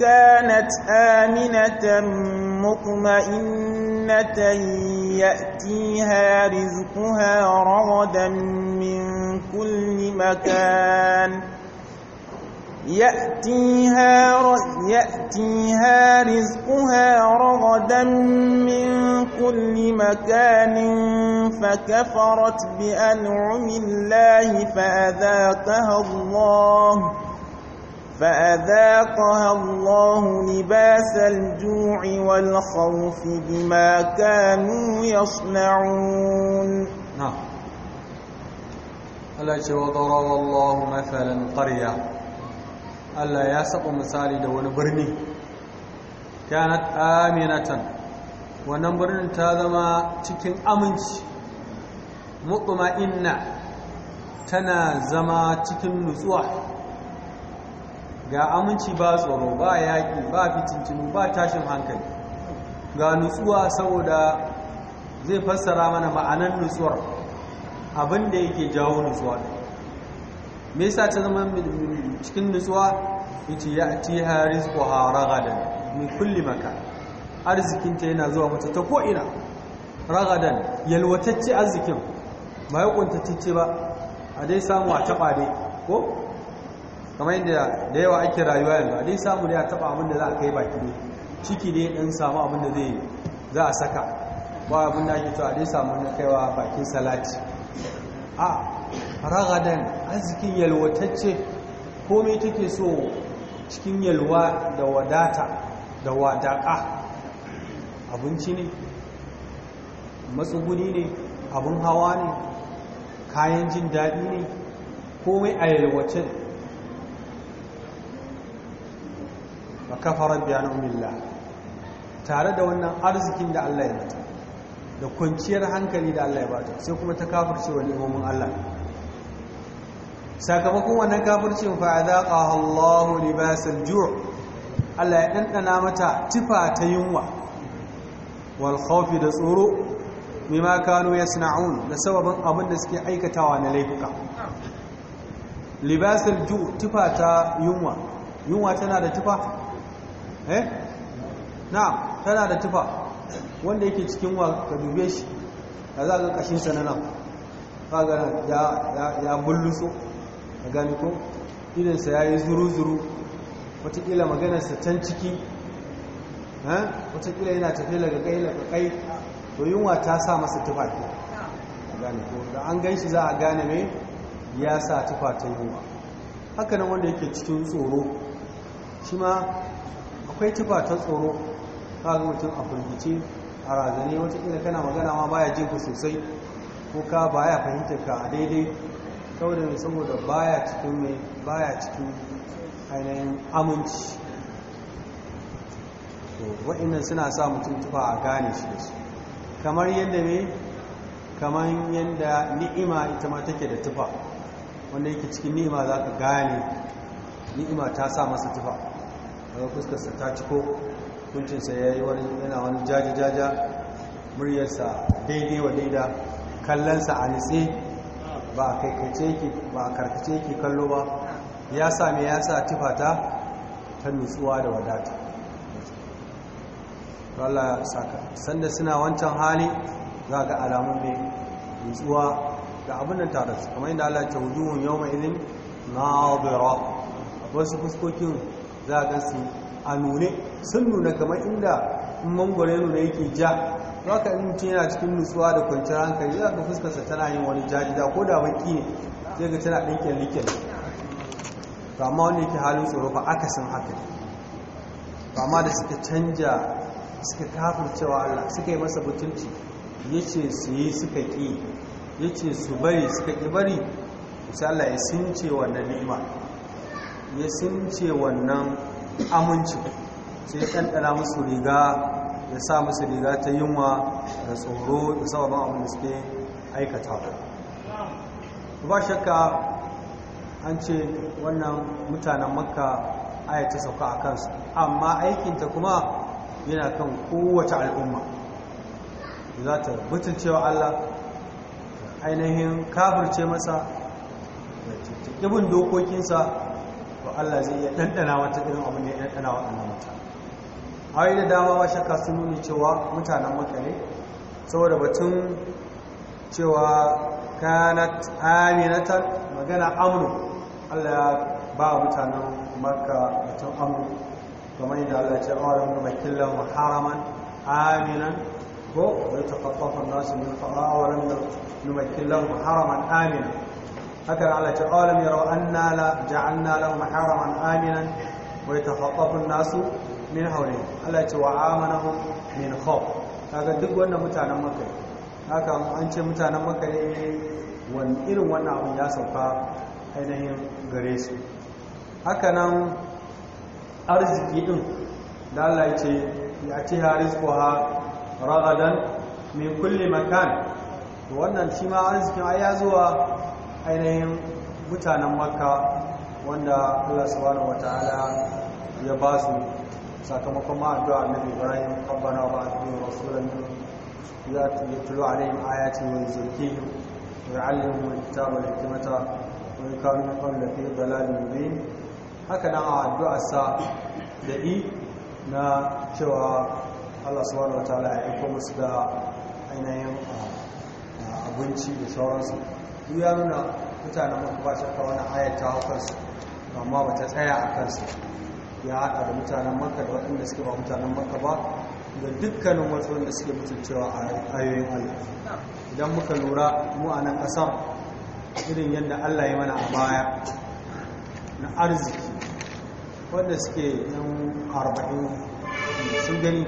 كانت آمنة مطمئنة يأتيها رزقها رغدا من كل مكان يأتيها يأتيها رزقها رغدا من كل مكان فكفرت بأنعم الله فأذاقها الله فأذاقها الله لباس الجوع والخوف بما كانوا يصنعون نعم الله وضرب الله مثلا قريه Allah ya saba misali da wani birni kanat aminatan wannan birnin ta zama cikin aminci inna tana zama cikin nutsuwa ga aminci ba tsoro ba yaƙi ba fitincinu ba tashin hankali ga nutsuwa saboda zai fassara mana ma'anan nutsuwar abinda yake jawo nutsuwa me yasa ta zama cikin nutsuwa yace ya tiha rizquha ragadan min kulli makan arzikinta yana zuwa mata ta ko ina ragadan yalwatacce arzikin ba ya kuntatacce ba a dai samu a taba dai ko kamar yadda da yawa ake rayuwa yanzu a dai samu da ya taba abin da za a kai baki ne ciki ne dan samu abin da zai za a saka ba abin da ake a dai samu na kaiwa bakin salati a ragadan arzikin yalwatacce komai take so cikin yalwa da wadata da wadaƙa abinci ne matsuguni ne abin hawa ne kayan jin daɗi ne komai a yalwace a kafarar biyanin milla tare da wannan arzikin da allah ya da kwanciyar hankali da allah ya bata sai kuma ta kafar cewa nemomin allah sakamakon wannan kafircin fa adaqaha Allahu Libasar, juwa Allah ya dandana mata tifa ta yunwa wal da tsoro mima ya yasna'un da sababin abin da suke aikatawa na laifuka Libasar ju' tifa ta yunwa yunwa tana da tifa eh na tana da tifa wanda yake cikin wa ka dube shi a za kashin nan ka ya ya bulluso a gani ko idansa ya yi zuru-zuru watakila maganarsa can ciki watakila yana tafiya daga kai daga kai to yunwa ta sa masa tufafi a gani ko da an gan shi za a gane mai ya sa tufatan yunwa hakanan wanda yake cikin tsoro shi ma akwai tufatan tsoro ta ga mutum a kulgice a razane watakila kana magana ma baya jinku sosai ko ka baya fahimtar ka a daidai saboda saboda baya cikin mai baya cikin ainihin aminci wa'inan suna sa mutum tufa a gane shi da su kamar yadda ne kamar yadda ni'ima ita ma take da tufa wanda yake cikin ni'ima za ka gane ni'ima ta sa masa tufa daga fuskarsa ta ciko kuncinsa ya yi wani yana wani jajajaja muryarsa daidai wa daida kallonsa a nitse ba a karkace ke kallo ba ya same ya sa tifata ta nutsuwa da wadata Allah saka sanda suna wancan hali za ga alamun ne nutsuwa da abin da tare su kamar yadda Allah ta wujuhun yau mai idin nadira wasu fuskokin za ga su a nune sun nuna kamar inda mangwaro ya nuna yake ja zaka in mutum yana cikin nutsuwa da kwanciyar hankali za ka fuskarsa tana yin wani jajida ko da baki ne zai ga tana ɗinkin likin ba ma wanda yake halin tsoro ba akasin haka ba ma da suka canja suka cewa Allah suka yi masa mutunci ya ce su yi suka ƙi ya ce su bari suka ƙi bari sai Allah ya sunce wannan nima ya sunce wannan sai ya ɗanɗana musu riga ya sa musu riga ta yunwa da tsoro da sababin abin da suke aikata ba shakka an ce wannan mutanen makka ayyata sauka a kansu amma aikinta kuma yana kan kowace al'umma za ta butulcewa allah ainihin kafirce masa da dokokinsa ba allah zai iya ɗanɗana wata irin abin da ya ɗanɗana waɗannan mutane hawaii da dama ba shakka sun nuni cewa mutanen maka ne saboda batun cewa kanat aminatan magana amnu allah ya ba mutanen maka batun amnu kamar yadda allah ce awon makillan haraman aminan ko wai tafaffafan nasu min fa'awar makillan haraman aminan haka Allah ce awalam yarau anna la ja'alna lahum haraman aminan wai yatafaqqafu an-nasu min haure Allah ce wa amanahu min khaw kaga duk wannan mutanen makka haka an ce mutanen makka ne wani irin wannan abin ya sauka ainihin gare su haka nan arziki din da Allah ya ce ya ce harizquha ragadan min kulli makan to wannan shi ma arzikin ai ya zuwa ainihin mutanen makka wanda Allah subhanahu wataala ya ba su sakamakon ma addu'a annabi ibrahim rabbana wa ba'ath bihim rasulan yatlu alaihim ayati wa yuzakkihim wa yu'allimuhum alkitaba wal hikmata wa in kanu min qablu fi dhalalin mubin haka na a addu'a sa da i na cewa Allah wani wataala ya aiko musu da ainihin ah, abinci da sauransu duk ya nuna mutanen mutu ba shakka wani ayyata ta amma ba ta tsaya a kansu ya haɗa da mutanen maka da waɗanda suke ba mutanen maka ba da dukkanin wasu wanda suke mutuncewa a ayoyin allah idan muka lura mu a nan ƙasar irin yadda allah ya mana a baya na arziki wanda suke yan arba'in sun gani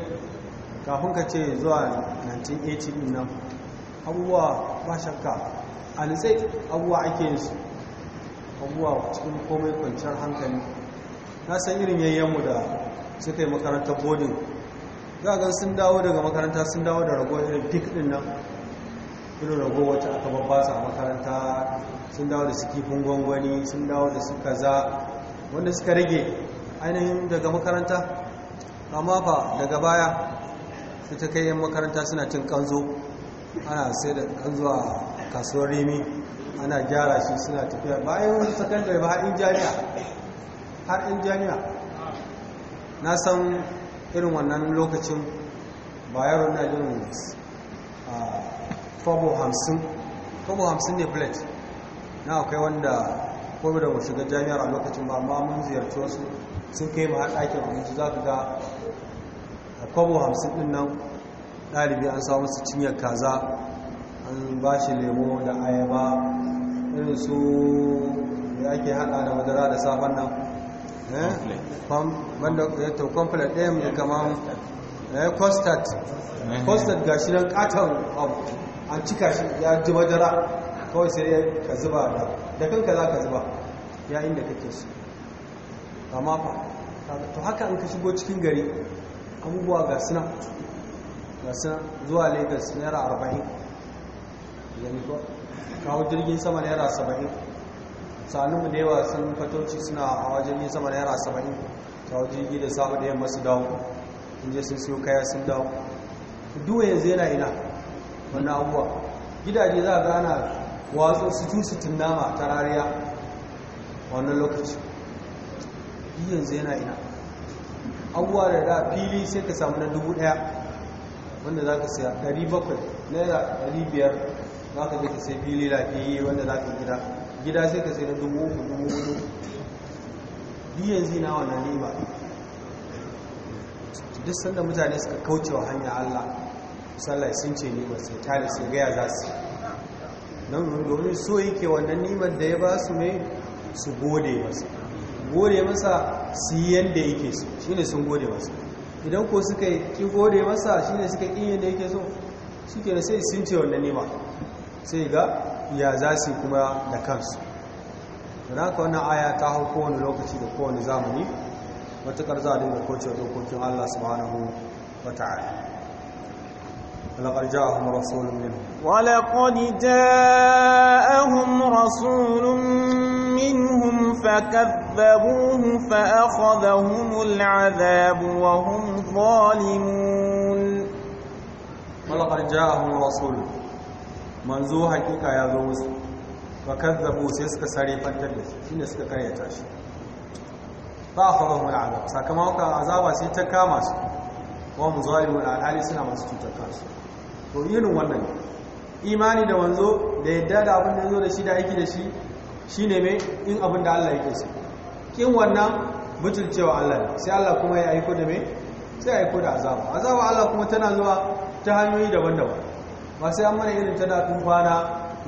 kafin ka ce zuwa 1980 nan abubuwa ba shakka a nitsai abubuwa ake yin su abubuwa cikin komai kwanciyar hankali na san irin yayyenmu da suka yi makarantar bodin za ga sun dawo daga makaranta sun dawo da rago irin duk din nan irin rago aka babba a makaranta sun dawo da su kifin gwangwani sun dawo da su kaza wanda suka rage ainihin daga makaranta amma ba daga baya su ta kai yan makaranta suna cin kanzo ana sai da kanzo a kasuwar rimi ana gyara shi suna tafiya bayan wani sakandare ba in jami'a har in jami'a na san irin wannan lokacin ba yaro na jin hamsin fabo hamsin ne plate na akwai wanda ko da mu shiga jami'ar a lokacin ba amma mun ziyarci wasu sun kai ma ɗakin su, za ka ga kobo hamsin ɗin nan ɗalibi an samu su cinye kaza an ba shi lemo da ayaba irin su da ake haɗa da madara da sabon nan banda eh? ya eh, to complet ɗaya mu. kaman costat eh, costat ga shi nan katon abu an cika shi ya ji madara kawai sai ka zuba da da kanka za ka zuba ya da kake su amma fa to haka an ka shigo cikin gari abubuwa ga suna zuwa lagos naira arba'in kawo jirgin sama naira saba'in salimu da yawa sun fatoci suna a wajen yin sama naira saba'in ta wajen yi da samu da yamma su dawo in je sun siyo kaya sun dawo duwa yanzu yana ina wannan abuwa gidaje za a gana watsa su sitin nama ta rariya wannan lokaci yanzu yana ina abuwa da da fili sai ka samu na dubu daya wanda za ka siya 700 naira 500 za ka je ka sai fili lafiyayye wanda za ka gida gida sai ka sai na dubu uku dubu hudu duk yanzu na wannan riba duk sanda mutane suka kauce wa hanyar allah sallai sun ce nima sai tare sai gaya za su don domin so yake wannan nima da ya ba su mai su gode masa gode masa su yi yadda yake so ne sun gode masa idan ko suka ki gode masa shi ne suka yi yadda yake so shi ke sai sun ce wannan nima sai ga ya za su kuma da kansu don haka wannan aya ta hau kowane lokaci da kowane zamani matukar za a dinga kocewa dokokin allah subhanahu wa ta'ala ولقد جاءهم رسول منهم ولقد جاءهم رسول منهم فكذبوه فأخذهم العذاب وهم ظالمون ولقد جاءهم رسول manzo hakika ya zo musu wa zabo sai suka sare fantar da shi shine suka karyata shi fa wani azab sakamakon azaba sai ta kama su wa zuwa zalimun al'ali suna masu cutar kansu to irin wannan imani da wanzo da yadda da abin da zo da shi da aiki da shi shine mai in abin da Allah yake su kin wannan cewa Allah ne sai Allah kuma ya aiko da mai sai aiko da azaba azaba Allah kuma tana zuwa ta hanyoyi daban-daban Masu yan mana irin ta da kwana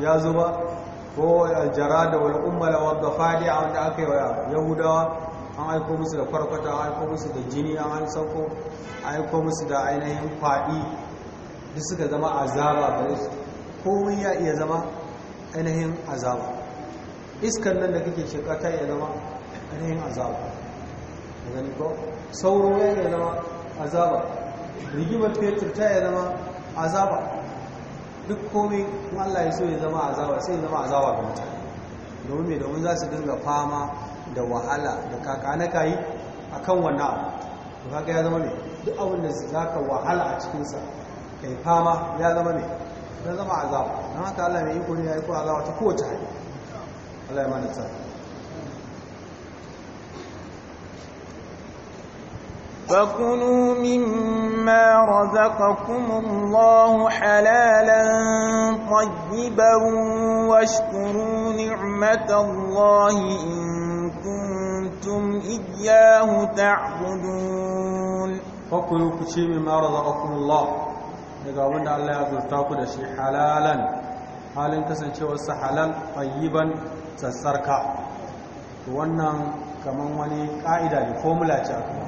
ya zo ba ko aljara da wani umara wadda a wanda aka yi wa yahudawa an aiko musu da farkata an aiko musu da jini an an sauko an aiko musu da ainihin kwaɗi duk suka zama azaba gare su komai ya iya zama ainihin azaba iskan nan da kake shekata ta iya zama ainihin azaba gani ko sauro ya iya zama azaba rigimar fetur ta iya zama azaba duk komai kuma Allah ya so ya zama azawa sai ya zama azawa ga mutane domin me domin za su dinga fama da wahala da ka yi kayi akan wannan abu to kaga ya zama ne duk abin da zaka wahala a cikinsa kai fama ya zama ne ya zama azawa don haka Allah mai iko ne ya yi ko azawa ta kowace hanya Allah ya mana tsara فكلوا مما رزقكم الله حلالا طيبا واشكروا نعمة الله إن كنتم إياه تعبدون فكلوا كشي مما رزقكم الله daga abin da Allah ya ku da halalan halin kasancewarsa halal tayyiban sassarka wannan kaman wani ƙa'ida, a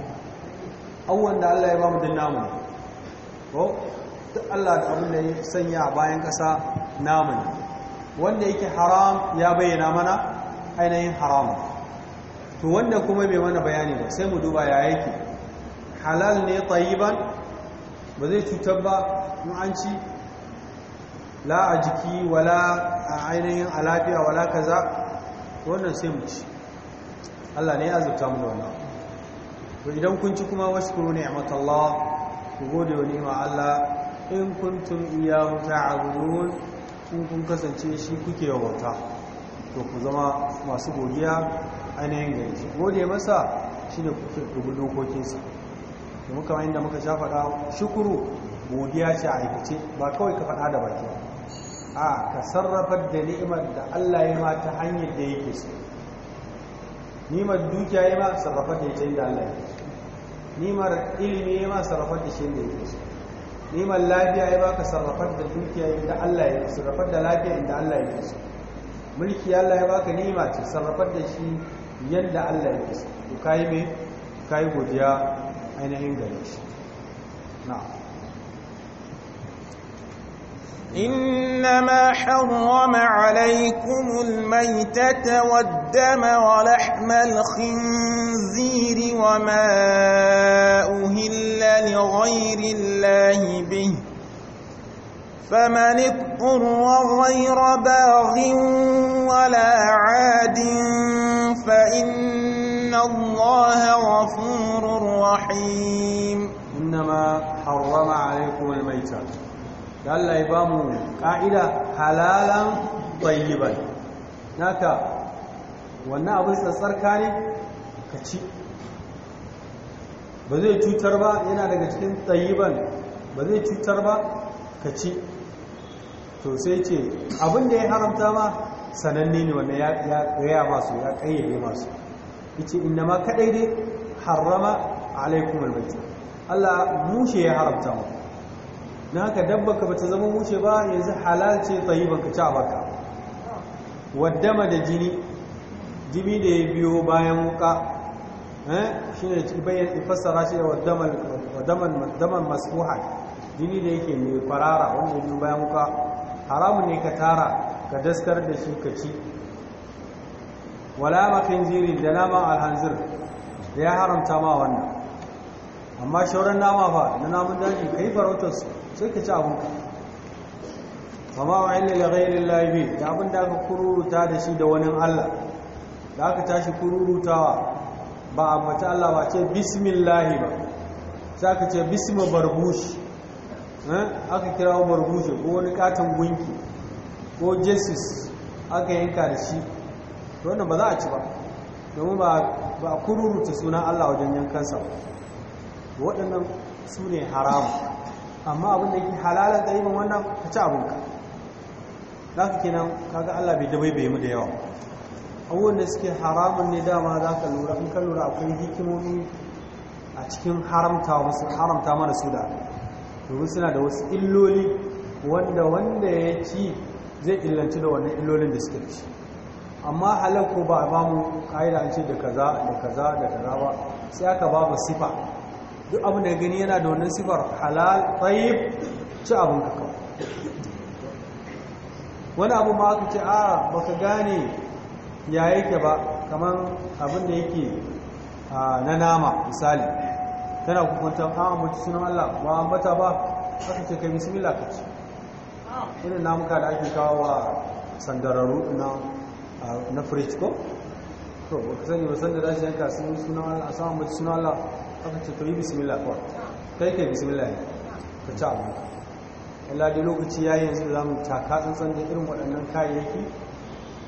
abubuwan da Allah ya ba mu din namu ko duk Allah da abin da ya sanya a bayan ƙasa namu wanda yake haram ya bayyana mana ainihin haram to wanda kuma bai mana bayani ba sai mu duba ya yake halal ne tayyiban ba zai cutar ba in an ci la a jiki wala a ainihin alafiya wala kaza wannan sai mu ci Allah ne ya zuta mu wannan to idan kun ci kuma washkuru ni'matallah ku gode wa ni'ma Allah in kuntum iyyahu ta'budun in kun kasance shi kuke wauta to ku zama masu godiya ainihin gari shi gode masa shine kuke rubu dokokinsa domin wani inda muka sha faɗa shukuru godiya ce a aikace ba kawai ka faɗa da baki a ka sarrafa da ni'imar da Allah ya ma ta hanyar da yake so nimar dukiya ya ma sarrafa da ita inda Allah nimar ilimi ya ma sarrafa da shi inda yake nimar lafiya ya ka sarrafa da dukiya da Allah ya sarrafa da lafiya inda Allah ya yake mulki Allah ya baka nima ce sarrafa da shi yadda Allah ya yake to kai me yi godiya ainihin gare shi na'am إنما حرم عليكم الميتة والدم ولحم الخنزير وما أهل لغير الله به فمن اضطر غير باغ ولا عاد فإن الله غفور رحيم إنما حرم عليكم الميتة da Allah ya ba mu ƙa'ida halalan bayyibai naka wannan abin ka ne ka ci ba zai cutar ba yana daga cikin tsayiban ba zai cutar ba ka ci to sai ce abin da ya haramta ma sananne ne wanda ya gaya masu ya ƙayyade masu ice inda ma kaɗai dai Harama, alaikum albaita Allah mushe ya haramta mu na haka dabbaka ba ta zama wuce ba yanzu halal ce tsayi baka ci baka waddama da jini jini da ya biyo bayan wuka eh, shi ne bayan fassara shi da waddaman masfuha jini da yake mai farara, wanda ya bayan wuka haramun ne ka tara ka daskar da shi ka ci wala makin da naman alhanzir da ya haramta ma wannan amma shauran nama fa na namun daji ka yi farautarsu sai ka ci abin ka ma wa illa ghairin lahi da abin da aka kururuta da shi da wani Allah da aka tashi kururutawa ba a mace Allah ba ce bismillahi ba sai aka ce bismi barbushi eh? aka kira wa barbushi ko wani katon gunki ko jesus aka yanka da shi wannan ba za a ci ba domin ba a kururuta sunan Allah wajen yankansa waɗannan su ne haramu amma abin da yake halalan garibin wannan ka ci abinka za ka kenan kaga Allah bai dabai bai mu da yawa abubuwan da suke haramun ne dama za ka lura in ka lura akwai hikimomi a cikin haramta mana su da domin suna da wasu illoli wanda wanda ya ci zai illanci da wannan illolin da suke da amma amma ko ba a bamu ka'ida an ce da kaza da kaza da kaza ba sai aka ba mu sifa duk abin da gani yana da wannan sifar halal tsayib ci abin ka kawai wani abu ma aka ce a baka gane ya yake ba kamar abin da yake na nama misali tana kukunta an amurci sunan Allah ba an bata ba aka ce kai bismillah ka ci wani namuka da ake kawo wa sandararru na fridge ko to ba ka sani ba sanda za shi yanka sunan Allah a samun mutu sunan Allah aka ce to yi bismillah kawai kai kai bismillah ne ka ci abu Allah lokaci lokaci yi yanzu da zamu taka tsantsan da irin waɗannan kayayyaki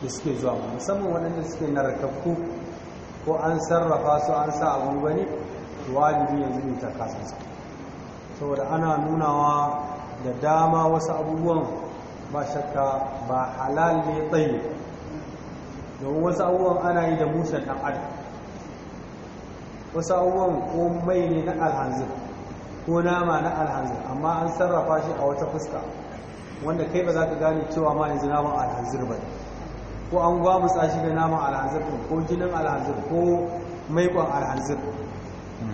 da suke zuwa mu musamman waɗanda suke rakakku ko an sarrafa su an sa abun gwani wajibi yanzu mu taka tsantsan saboda ana nunawa da dama wasu abubuwan ba shakka ba halal ne tsaye domin wasu abubuwan ana yi da mushe ɗan adam wasu abubuwan ko mai ne na alhanzir ko nama na alhanzir amma an sarrafa shi a wata fuska wanda kai ba za ka gane cewa ma yanzu naman alhanzir ba ko an gwamutsa shi da naman alhanzir ko jinin alhanzir ko maikon alhanzir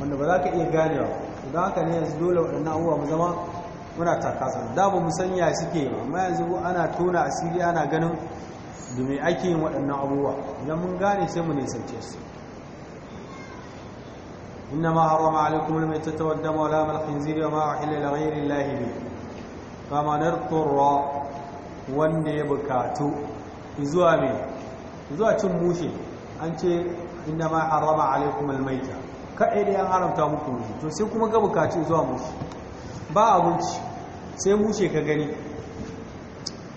wanda ba za ka iya ganewa don haka ne yanzu dole waɗannan abubuwa mu zama muna takasa da ba mu sanya suke amma yanzu ana tona asiri ana ganin da me ake yin waɗannan abubuwa idan mun gane sai mu nisance su إنما حرم عليكم الميتة والدم ولام الخنزير وما أحل لغير الله به فمن اضطر wanda ya bukatu zuwa cin mushe an ce inda ma harama alaikum almaita kaɗai da an haramta muku mushe to kuma ga bukatu zuwa mushe ba abinci sai ka gani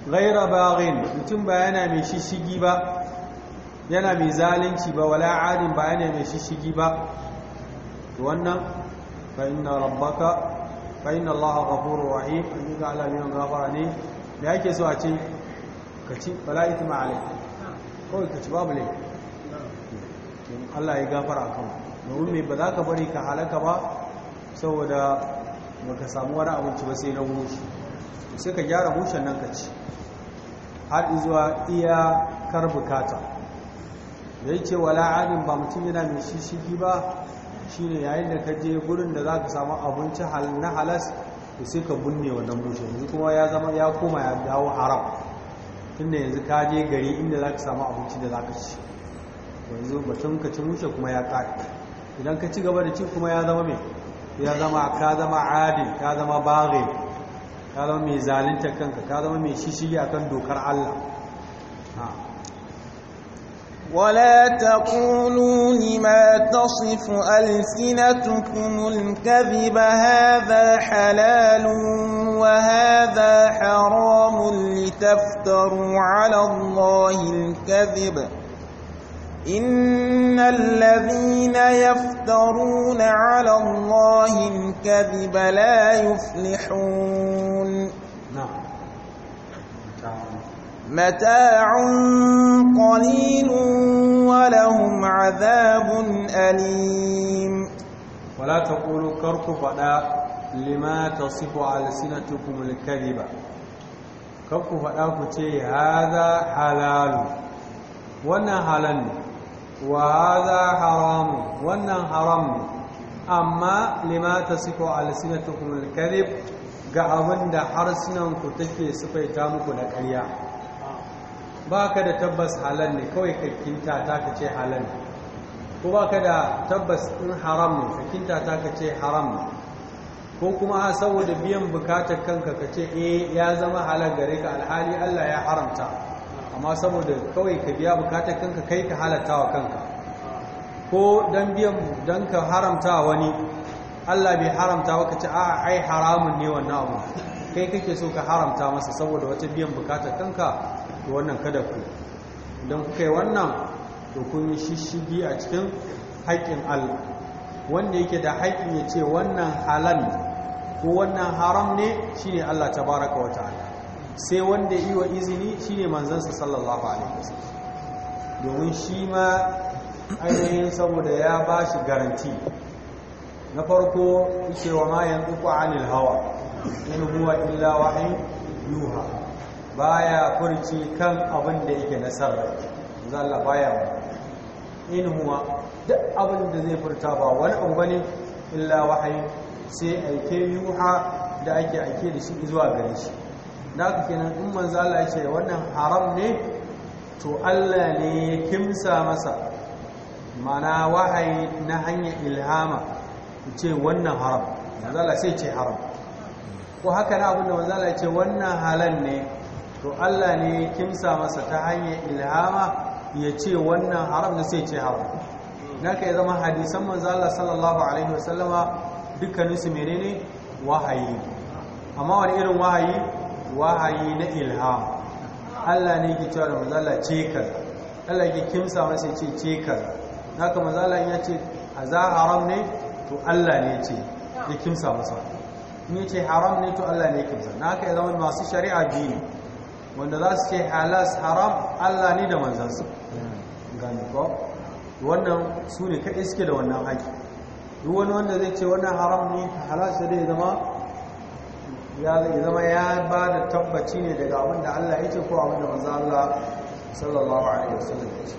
mutum ba yana mai yana mai zalunci ba wala adin ba yana mai shishigi ba to wannan fa inna rabbaka fa inna allaha ghafurur rahim in ga Allah ne gafara ne da yake so a ce ka ci fala itma alai kawai ka ci babu lai Allah ya gafara kan domin me ba za ka bari ka halaka ba saboda baka samu wani abinci ba sai na hushi sai ka gyara hushen nan ka ci har zuwa iya kar bukata da yake wala ba mutum yana mai shishigi ba shine yayin da ka je gurin da za ka samu abinci na halas da sai ka binne wannan mushe yanzu kuma ya zama ya koma ya dawo haram tunda yanzu ka je gari inda za ka samu abinci da za ka ci yanzu batun ka ci mushe kuma ya ƙari idan ka ci gaba da ci kuma ya zama mai ya zama ka zama adi ka zama baghin ka zama mai zalunta kanka ka zama mai shishigi akan dokar Allah ولا تقولوا لما تصف ألسنتكم الكذب هذا حلال وهذا حرام لتفتروا على الله الكذب إن الذين يفترون على الله الكذب لا يفلحون متاع قليل ولهم عذاب أليم ولا تقولوا كرك فدا لما تصف ألسنتكم الكذبة كرك فدا كتي هذا حلال وانا حلال وهذا حرام وانا حرام أما لما تصف ألسنتكم الكذب ga abin da harsunanku take sufaita muku da ƙarya ba ka da tabbas halal ne kawai ka kinta ta ka ce halal ne ko ba ka da tabbas in haram ne ka kinta ta ka ce haram ne ko kuma a saboda biyan bukatar kanka ka ce eh ya zama halal gare ka alhali Allah ya haramta amma saboda kawai ka biya bukatar kanka kai ka halatta wa kanka ko dan biyan dan ka haramta wani Allah bai haramta wa ka ce a'a ai haramun ne wannan abu kai kake so ka haramta masa saboda wata biyan bukatar kanka to wannan kada ku don kai wannan to kun yi shishigi a cikin haƙƙin Allah wanda yake da haƙƙin ya ce wannan halal ko wannan haram ne shine Allah ta wa wata sai wanda yi wa izini shine manzansa sallallahu alaihi wasallam domin shi ma ainihin saboda ya ba shi garanti na farko cewa ma yanzu ku anil hawa in huwa illa yuha baya furci kan abin da yake nasarar, zalla baya ba. in huwa duk abin da zai furta ba wani abu bane illa wahayi sai aike yuha da ake aike da shi zuwa gare shi da haka kenan in manzo Allah ya ce wannan haram ne to Allah ne ya kimsa masa mana wahayi na hanyar ilhama ce wannan haram manzo Allah sai ce haram ko haka na abin da manzo Allah ya ce wannan halal ne to Allah ne ya kimsa masa ta hanyar ilhama ya ce wannan haram da sai ce haram ka yi zama hadisan manzo Allah sallallahu alaihi wasallama dukkanin su menene wahayi amma wani irin wahayi wahayi na ilhama. Allah ne ke cewa da manzo Allah ce Allah ke kimsa masa ya ce ce kaza ka manzo Allah ya ce a za haram ne to Allah ne ce ya kimsa masa in ce haram ne to Allah ne ya kimsa ka yi zama masu shari'a biyu wanda za su ce halas haram Allah ne da manzansa gani ko wannan su ne kaɗai suke da wannan haƙi duk wani wanda zai ce wannan haram ne halas da ya zama ya zama ya ba da tabbaci ne daga abin da Allah ya ce ko abin da manzan Allah sallallahu alaihi wasallam ya ce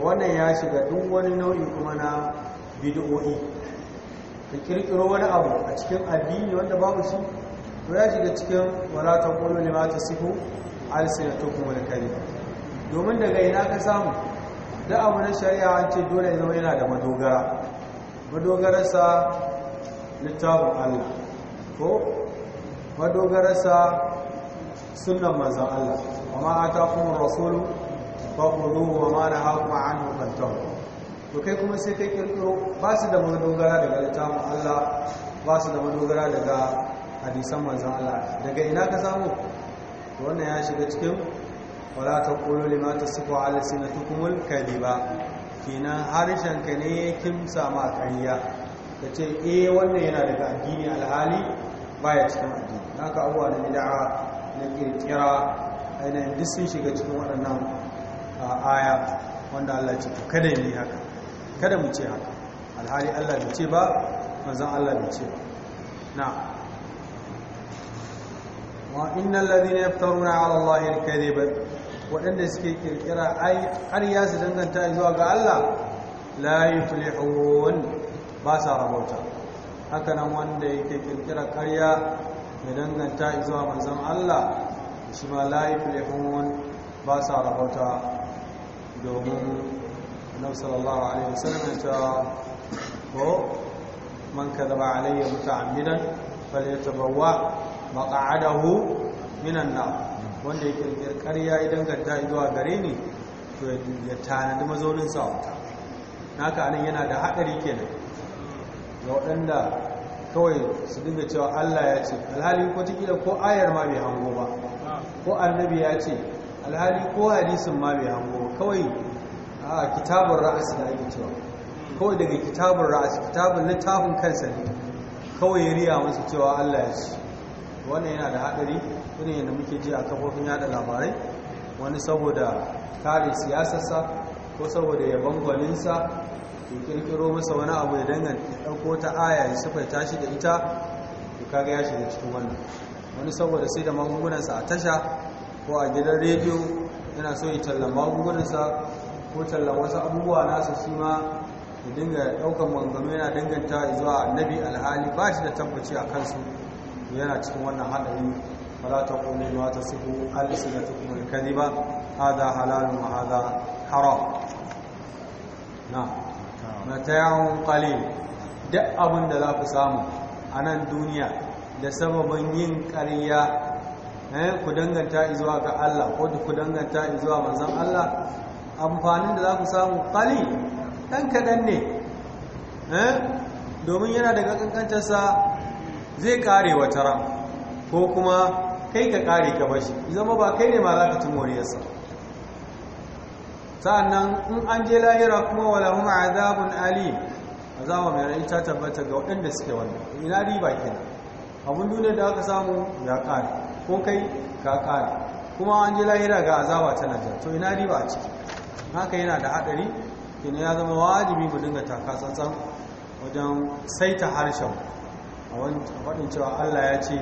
wannan ya shiga duk wani nau'i kuma na bid'o'i ka kirkiro wani abu a cikin addini wanda babu shi to ya shiga cikin wala ta ne ta kullu lima to kuma da kare. domin daga ina ka samu da abu na shari'a an ce dole ya zama yana da madogara madogararsa littafin Allah ko madogararsa sunan manzon Allah amma kuma rasulu faqudu ba ma ma an hukanta to kai kuma sai kai kirkiro ba su da madogara daga littafin Allah ba su da madogara daga hadisan manzan Allah daga ina ka samu wannan ya shiga cikin wala ta qulu lima tasifu alsinatukum kadiba kenan harshen ka ne ya kimsa ma ƙarya kace eh wannan yana daga addini alhali baya cikin addini haka abuwa na bid'a na kirkira ainihin duk sun shiga cikin waɗannan aya wanda Allah ce to kada ni haka kada mu ce haka alhali Allah bai ce ba manzon Allah bai ce ba na'am wa innal ladhina yaftaruna ala allahi al waɗanda suke kirkira har ya su danganta zuwa ga Allah la yuflihun ba sa rabauta haka wanda yake kirkira ƙarya ya danganta zuwa manzon Allah shi ma la yuflihun ba sa rabauta domin maqa'adahu minan nar wanda ya kirkir ƙarya ya danganta zuwa gare ne, to ya tanadi mazaunin sa na naka anan yana da haɗari kenan ga waɗanda kawai su dinga cewa Allah ya ce alhali ko tikila ko ayar ma bai hango ba ko annabi ya ce alhali ko hadisin ma bai hango ba kawai a kitabun ra'asi da ake cewa kawai daga kitabun ra'asi kitabun littafin kansa ne kawai ya riya masa cewa Allah ya ce wannan yana da haɗari irin yadda muke ji a kafofin yada labarai wani saboda kare siyasarsa ko saboda yabon gwaninsa ya kirkiro masa wani abu ya dangan ɗauko ta aya ya sufai tashi da ita to kaga ya shiga cikin wannan wani saboda sai da magungunansa a tasha ko a gidan rediyo yana so ya talla magungunansa ko talla wasu abubuwa nasa shi ma ya dinga ɗaukan mangano yana danganta zuwa annabi alhali ba shi da tabbaci a kansu yana cikin wannan hadarin fala taqulu ma tasifu alsinatukum alkadhiba hadha halalun wa hadha haram na mata'un qalil duk abin da za ku samu a nan duniya da sababin yin ƙarya eh, ku danganta zuwa ga Allah ko ku danganta zuwa manzon Allah amfanin da za ku samu ƙali ɗan kaɗan ne eh, domin yana daga ƙanƙantarsa zai kare wata ran ko kuma kai ka kare ka bashi zama ba kai ne ma za ka ci moriyarsa sa'annan in an je lahira kuma wala hum azabun ali zama mai rai ta tabbata ga waɗanda suke wannan ina riba kenan abun duniya da aka samu ya kare ko kai ka kare kuma an je lahira ga azaba tana jar to ina riba a ciki haka yana da hadari kenan ya zama wajibi mu dinga taka tsantsan wajen saita harshen a wani cewa Allah ya ce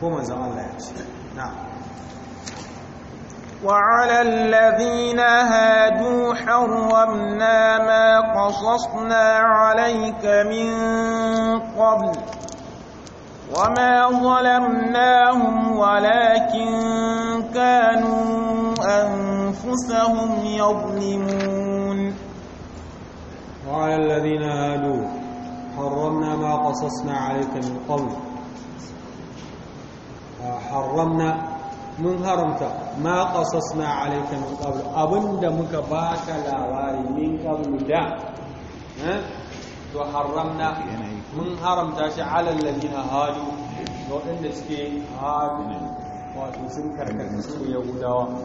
ko manzan Allah ya ce na'am وعلى الذين هادوا حرمنا ما قصصنا عليك من قبل وما ظلمناهم ولكن كانوا أنفسهم يظلمون وعلى الذين هادوا حرمنا ما قصصنا عليك من قبل حرمنا mun haramta ma qasasna alayka min qabl abinda muka baka labari min qabl da to haramna mun haramta shi alal ladina hadu to inda suke hadu wato sun karkata su yahudawa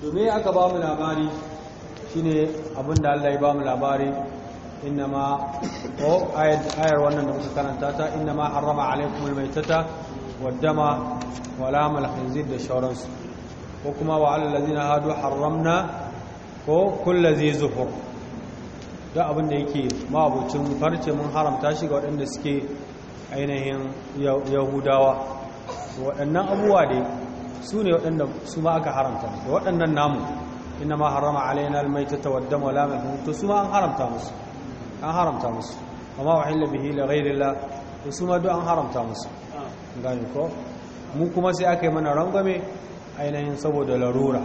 to me aka ba mu labari shine abinda Allah ya ba mu labari إنما أو آية آية وأن النبي كانت إنما حرم عليكم الميتة والدم ولام الخنزير دشورنس وكما وعلى الذين هادوا حرمنا كل ذي زفر da abin da yake mabucin farce mun haramta shi ga waɗanda suke ainihin yahudawa waɗannan abubuwa dai su ne waɗanda su ma aka haramta da waɗannan namu inna ma harama alaina almaitata wala malamin hutu su ma an haramta musu an haramta musu amma wa hila bihi la ghayri la su ma duk an haramta musu gani kuma sai akai mana rangwame ainihin saboda larura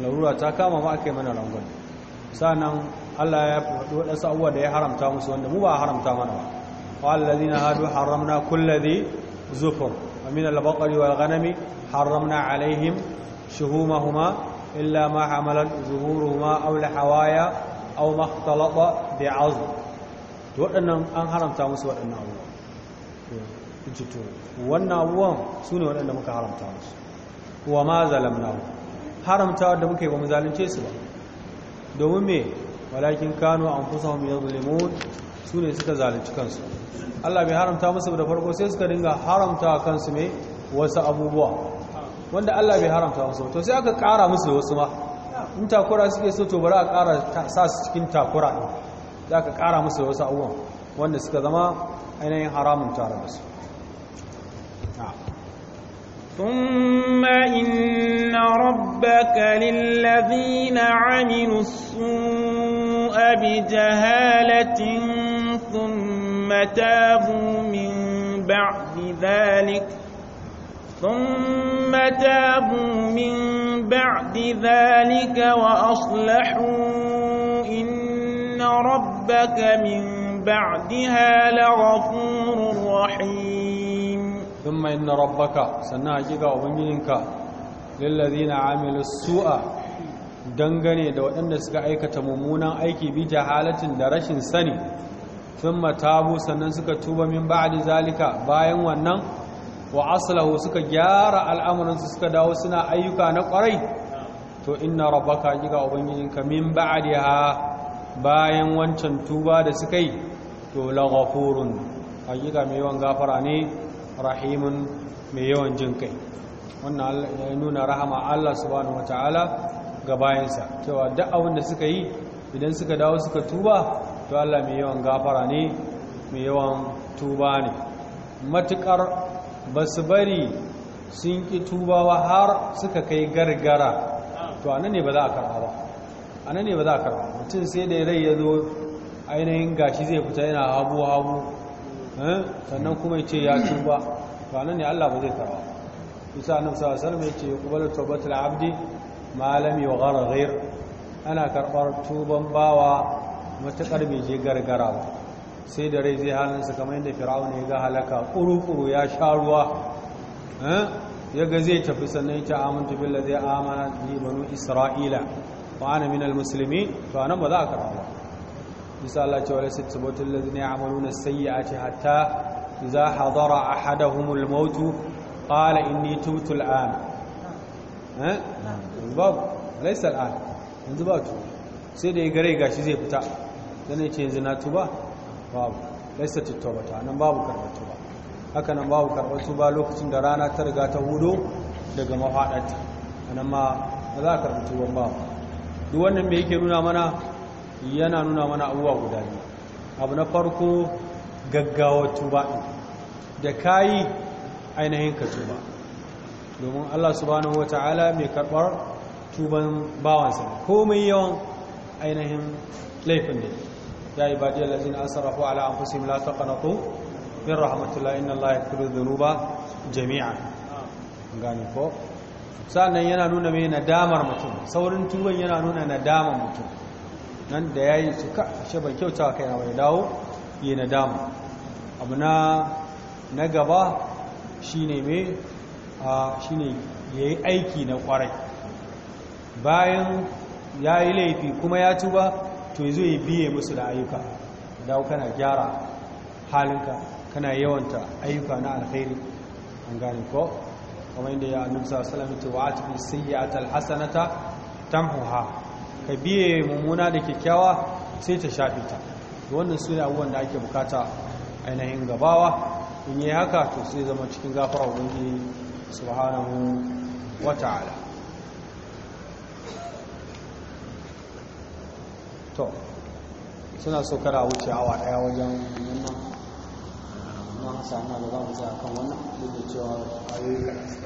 larura ta kama ma akai mana rangwame sanan Allah ya faɗi wadansu abubuwa da ya haramta musu wanda mu ba haramta mana ba qal ladina hadu haramna kulladhi zukur min al-baqari wal ghanami haramna alaihim shuhumahuma illa ma zuhuruma zuhuruhuma hawaya aw Talaba, bi azm to waɗannan an haramta musu waɗannan abubuwa. to to wannan abubuwan ne waɗanda muka haramta musu wa ma zalamna haramta da muka yi ba mu zalunce su ba domin me walakin kanu anfusahum su ne suka zalunci kansu Allah bai haramta musu da farko sai suka dinga haramta kansu me wasu abubuwa wanda Allah bai haramta musu to sai aka ƙara musu wasu ma in takura suke so to bari a ƙara sa su cikin takura ɗin za ka ƙara musu wasu abubuwan wanda suka zama ainihin haramun tare da su ثم إن ربك للذين عملوا السوء بجهالة ثم تابوا من بعد ذلك ثم تابوا من بعد ذلك وأصلحوا إن ربك من بعدها لغفور رحيم ثم إن ربك سنعجيك أبنينك للذين عملوا السوء dangane da waɗanda suka aikata mummunan aiki bi jahalatin da rashin sani sun matabu sannan suka tuba min ba'adi zalika bayan wannan wa aslahu suka gyara al'amuransu suka dawo suna ayyuka na kwarai to inna rabbaka giga ubangijinka min ha bayan wancan tuba da suka yi to la hakika mai yawan gafara ne rahimun mai yawan jin kai wannan ya nuna rahama Allah subhanahu wataala ga bayansa cewa duk abin da suka yi idan suka dawo suka tuba to Allah mai yawan gafara ne mai yawan tuba ne matukar ba su bari sun ƙi tubawa har suka kai gargara to anan ne ba za a karɓa ba anan ne ba za a karɓa mutum sai da rai ya zo ainihin gashi zai fita yana habu-habu eh, sannan kuma ya ce ya tuba to anan ne allah ba zai karɓa isa annabi sallallahu alaihi wasallam ya ce kubalu tawbatul abdi ma lam yughar ana karɓar tuban bawa matuƙar mai je gargara ba sai da rai zai halinsa kamar yadda fir'auna ya ga halaka ƙuruƙuru ya sha ruwa eh? ya ga zai tafi sannan ta amintu billa zai amana ni banu isra'ila ba ana minal musulmi ba nan ba za a karɓa ba bisa Allah cewa la sittabatul ladina ya'maluna na hatta a hadara ahaduhumul maut a inni tubtu al'an eh babu laysa al'an ba sai da ya gare gashi zai fita dan ya ce yanzu na tuba babu laisa tattaubata nan babu karɓar tuba haka nan babu karɓar tuba lokacin da rana ta riga ta hudo daga mafaɗarta nan ma ba za a karɓi tuban babu duk wannan me yake nuna mana yana nuna mana abubuwa guda biyu abu na farko gaggawa tuba ɗin da yi ainihin ka tuba domin Allah subhanahu ta'ala mai karɓar tuban bawansa komai yawan ainihin laifin ne يا عبادي الذين أسرفوا على أنفسهم لا تقنطوا من رحمة الله إن الله يغفر الذنوب جميعا gane ko sannan yana nuna mai nadamar mutum saurin tuban yana nuna nadamar mutum nan da ya yi suka ashe ban kyauta kai na wani dawo yi nadama abu na gaba shi ne mai shi ne ya yi aiki na kwarai bayan ya yi laifi kuma ya tuba to yazo ya biye musu da ayyuka dawo kana gyara halinka kana yawanta ayyuka na alkhairi an gane ko kamar inda ya annabi sallallahu alaihi wasallam ta wa'ati bi sayyi'atil hasanata tamhuha ka biye mumuna da kyakkyawa sai ta shafe ta wannan sune abubuwan da ake bukata ainihin gabawa in yi haka to sai zama cikin gafara ubangiji subhanahu wata'ala to suna so kara wuce awa daya wajen wannan na hasa na za mu kan wannan duk da cewa ayoyi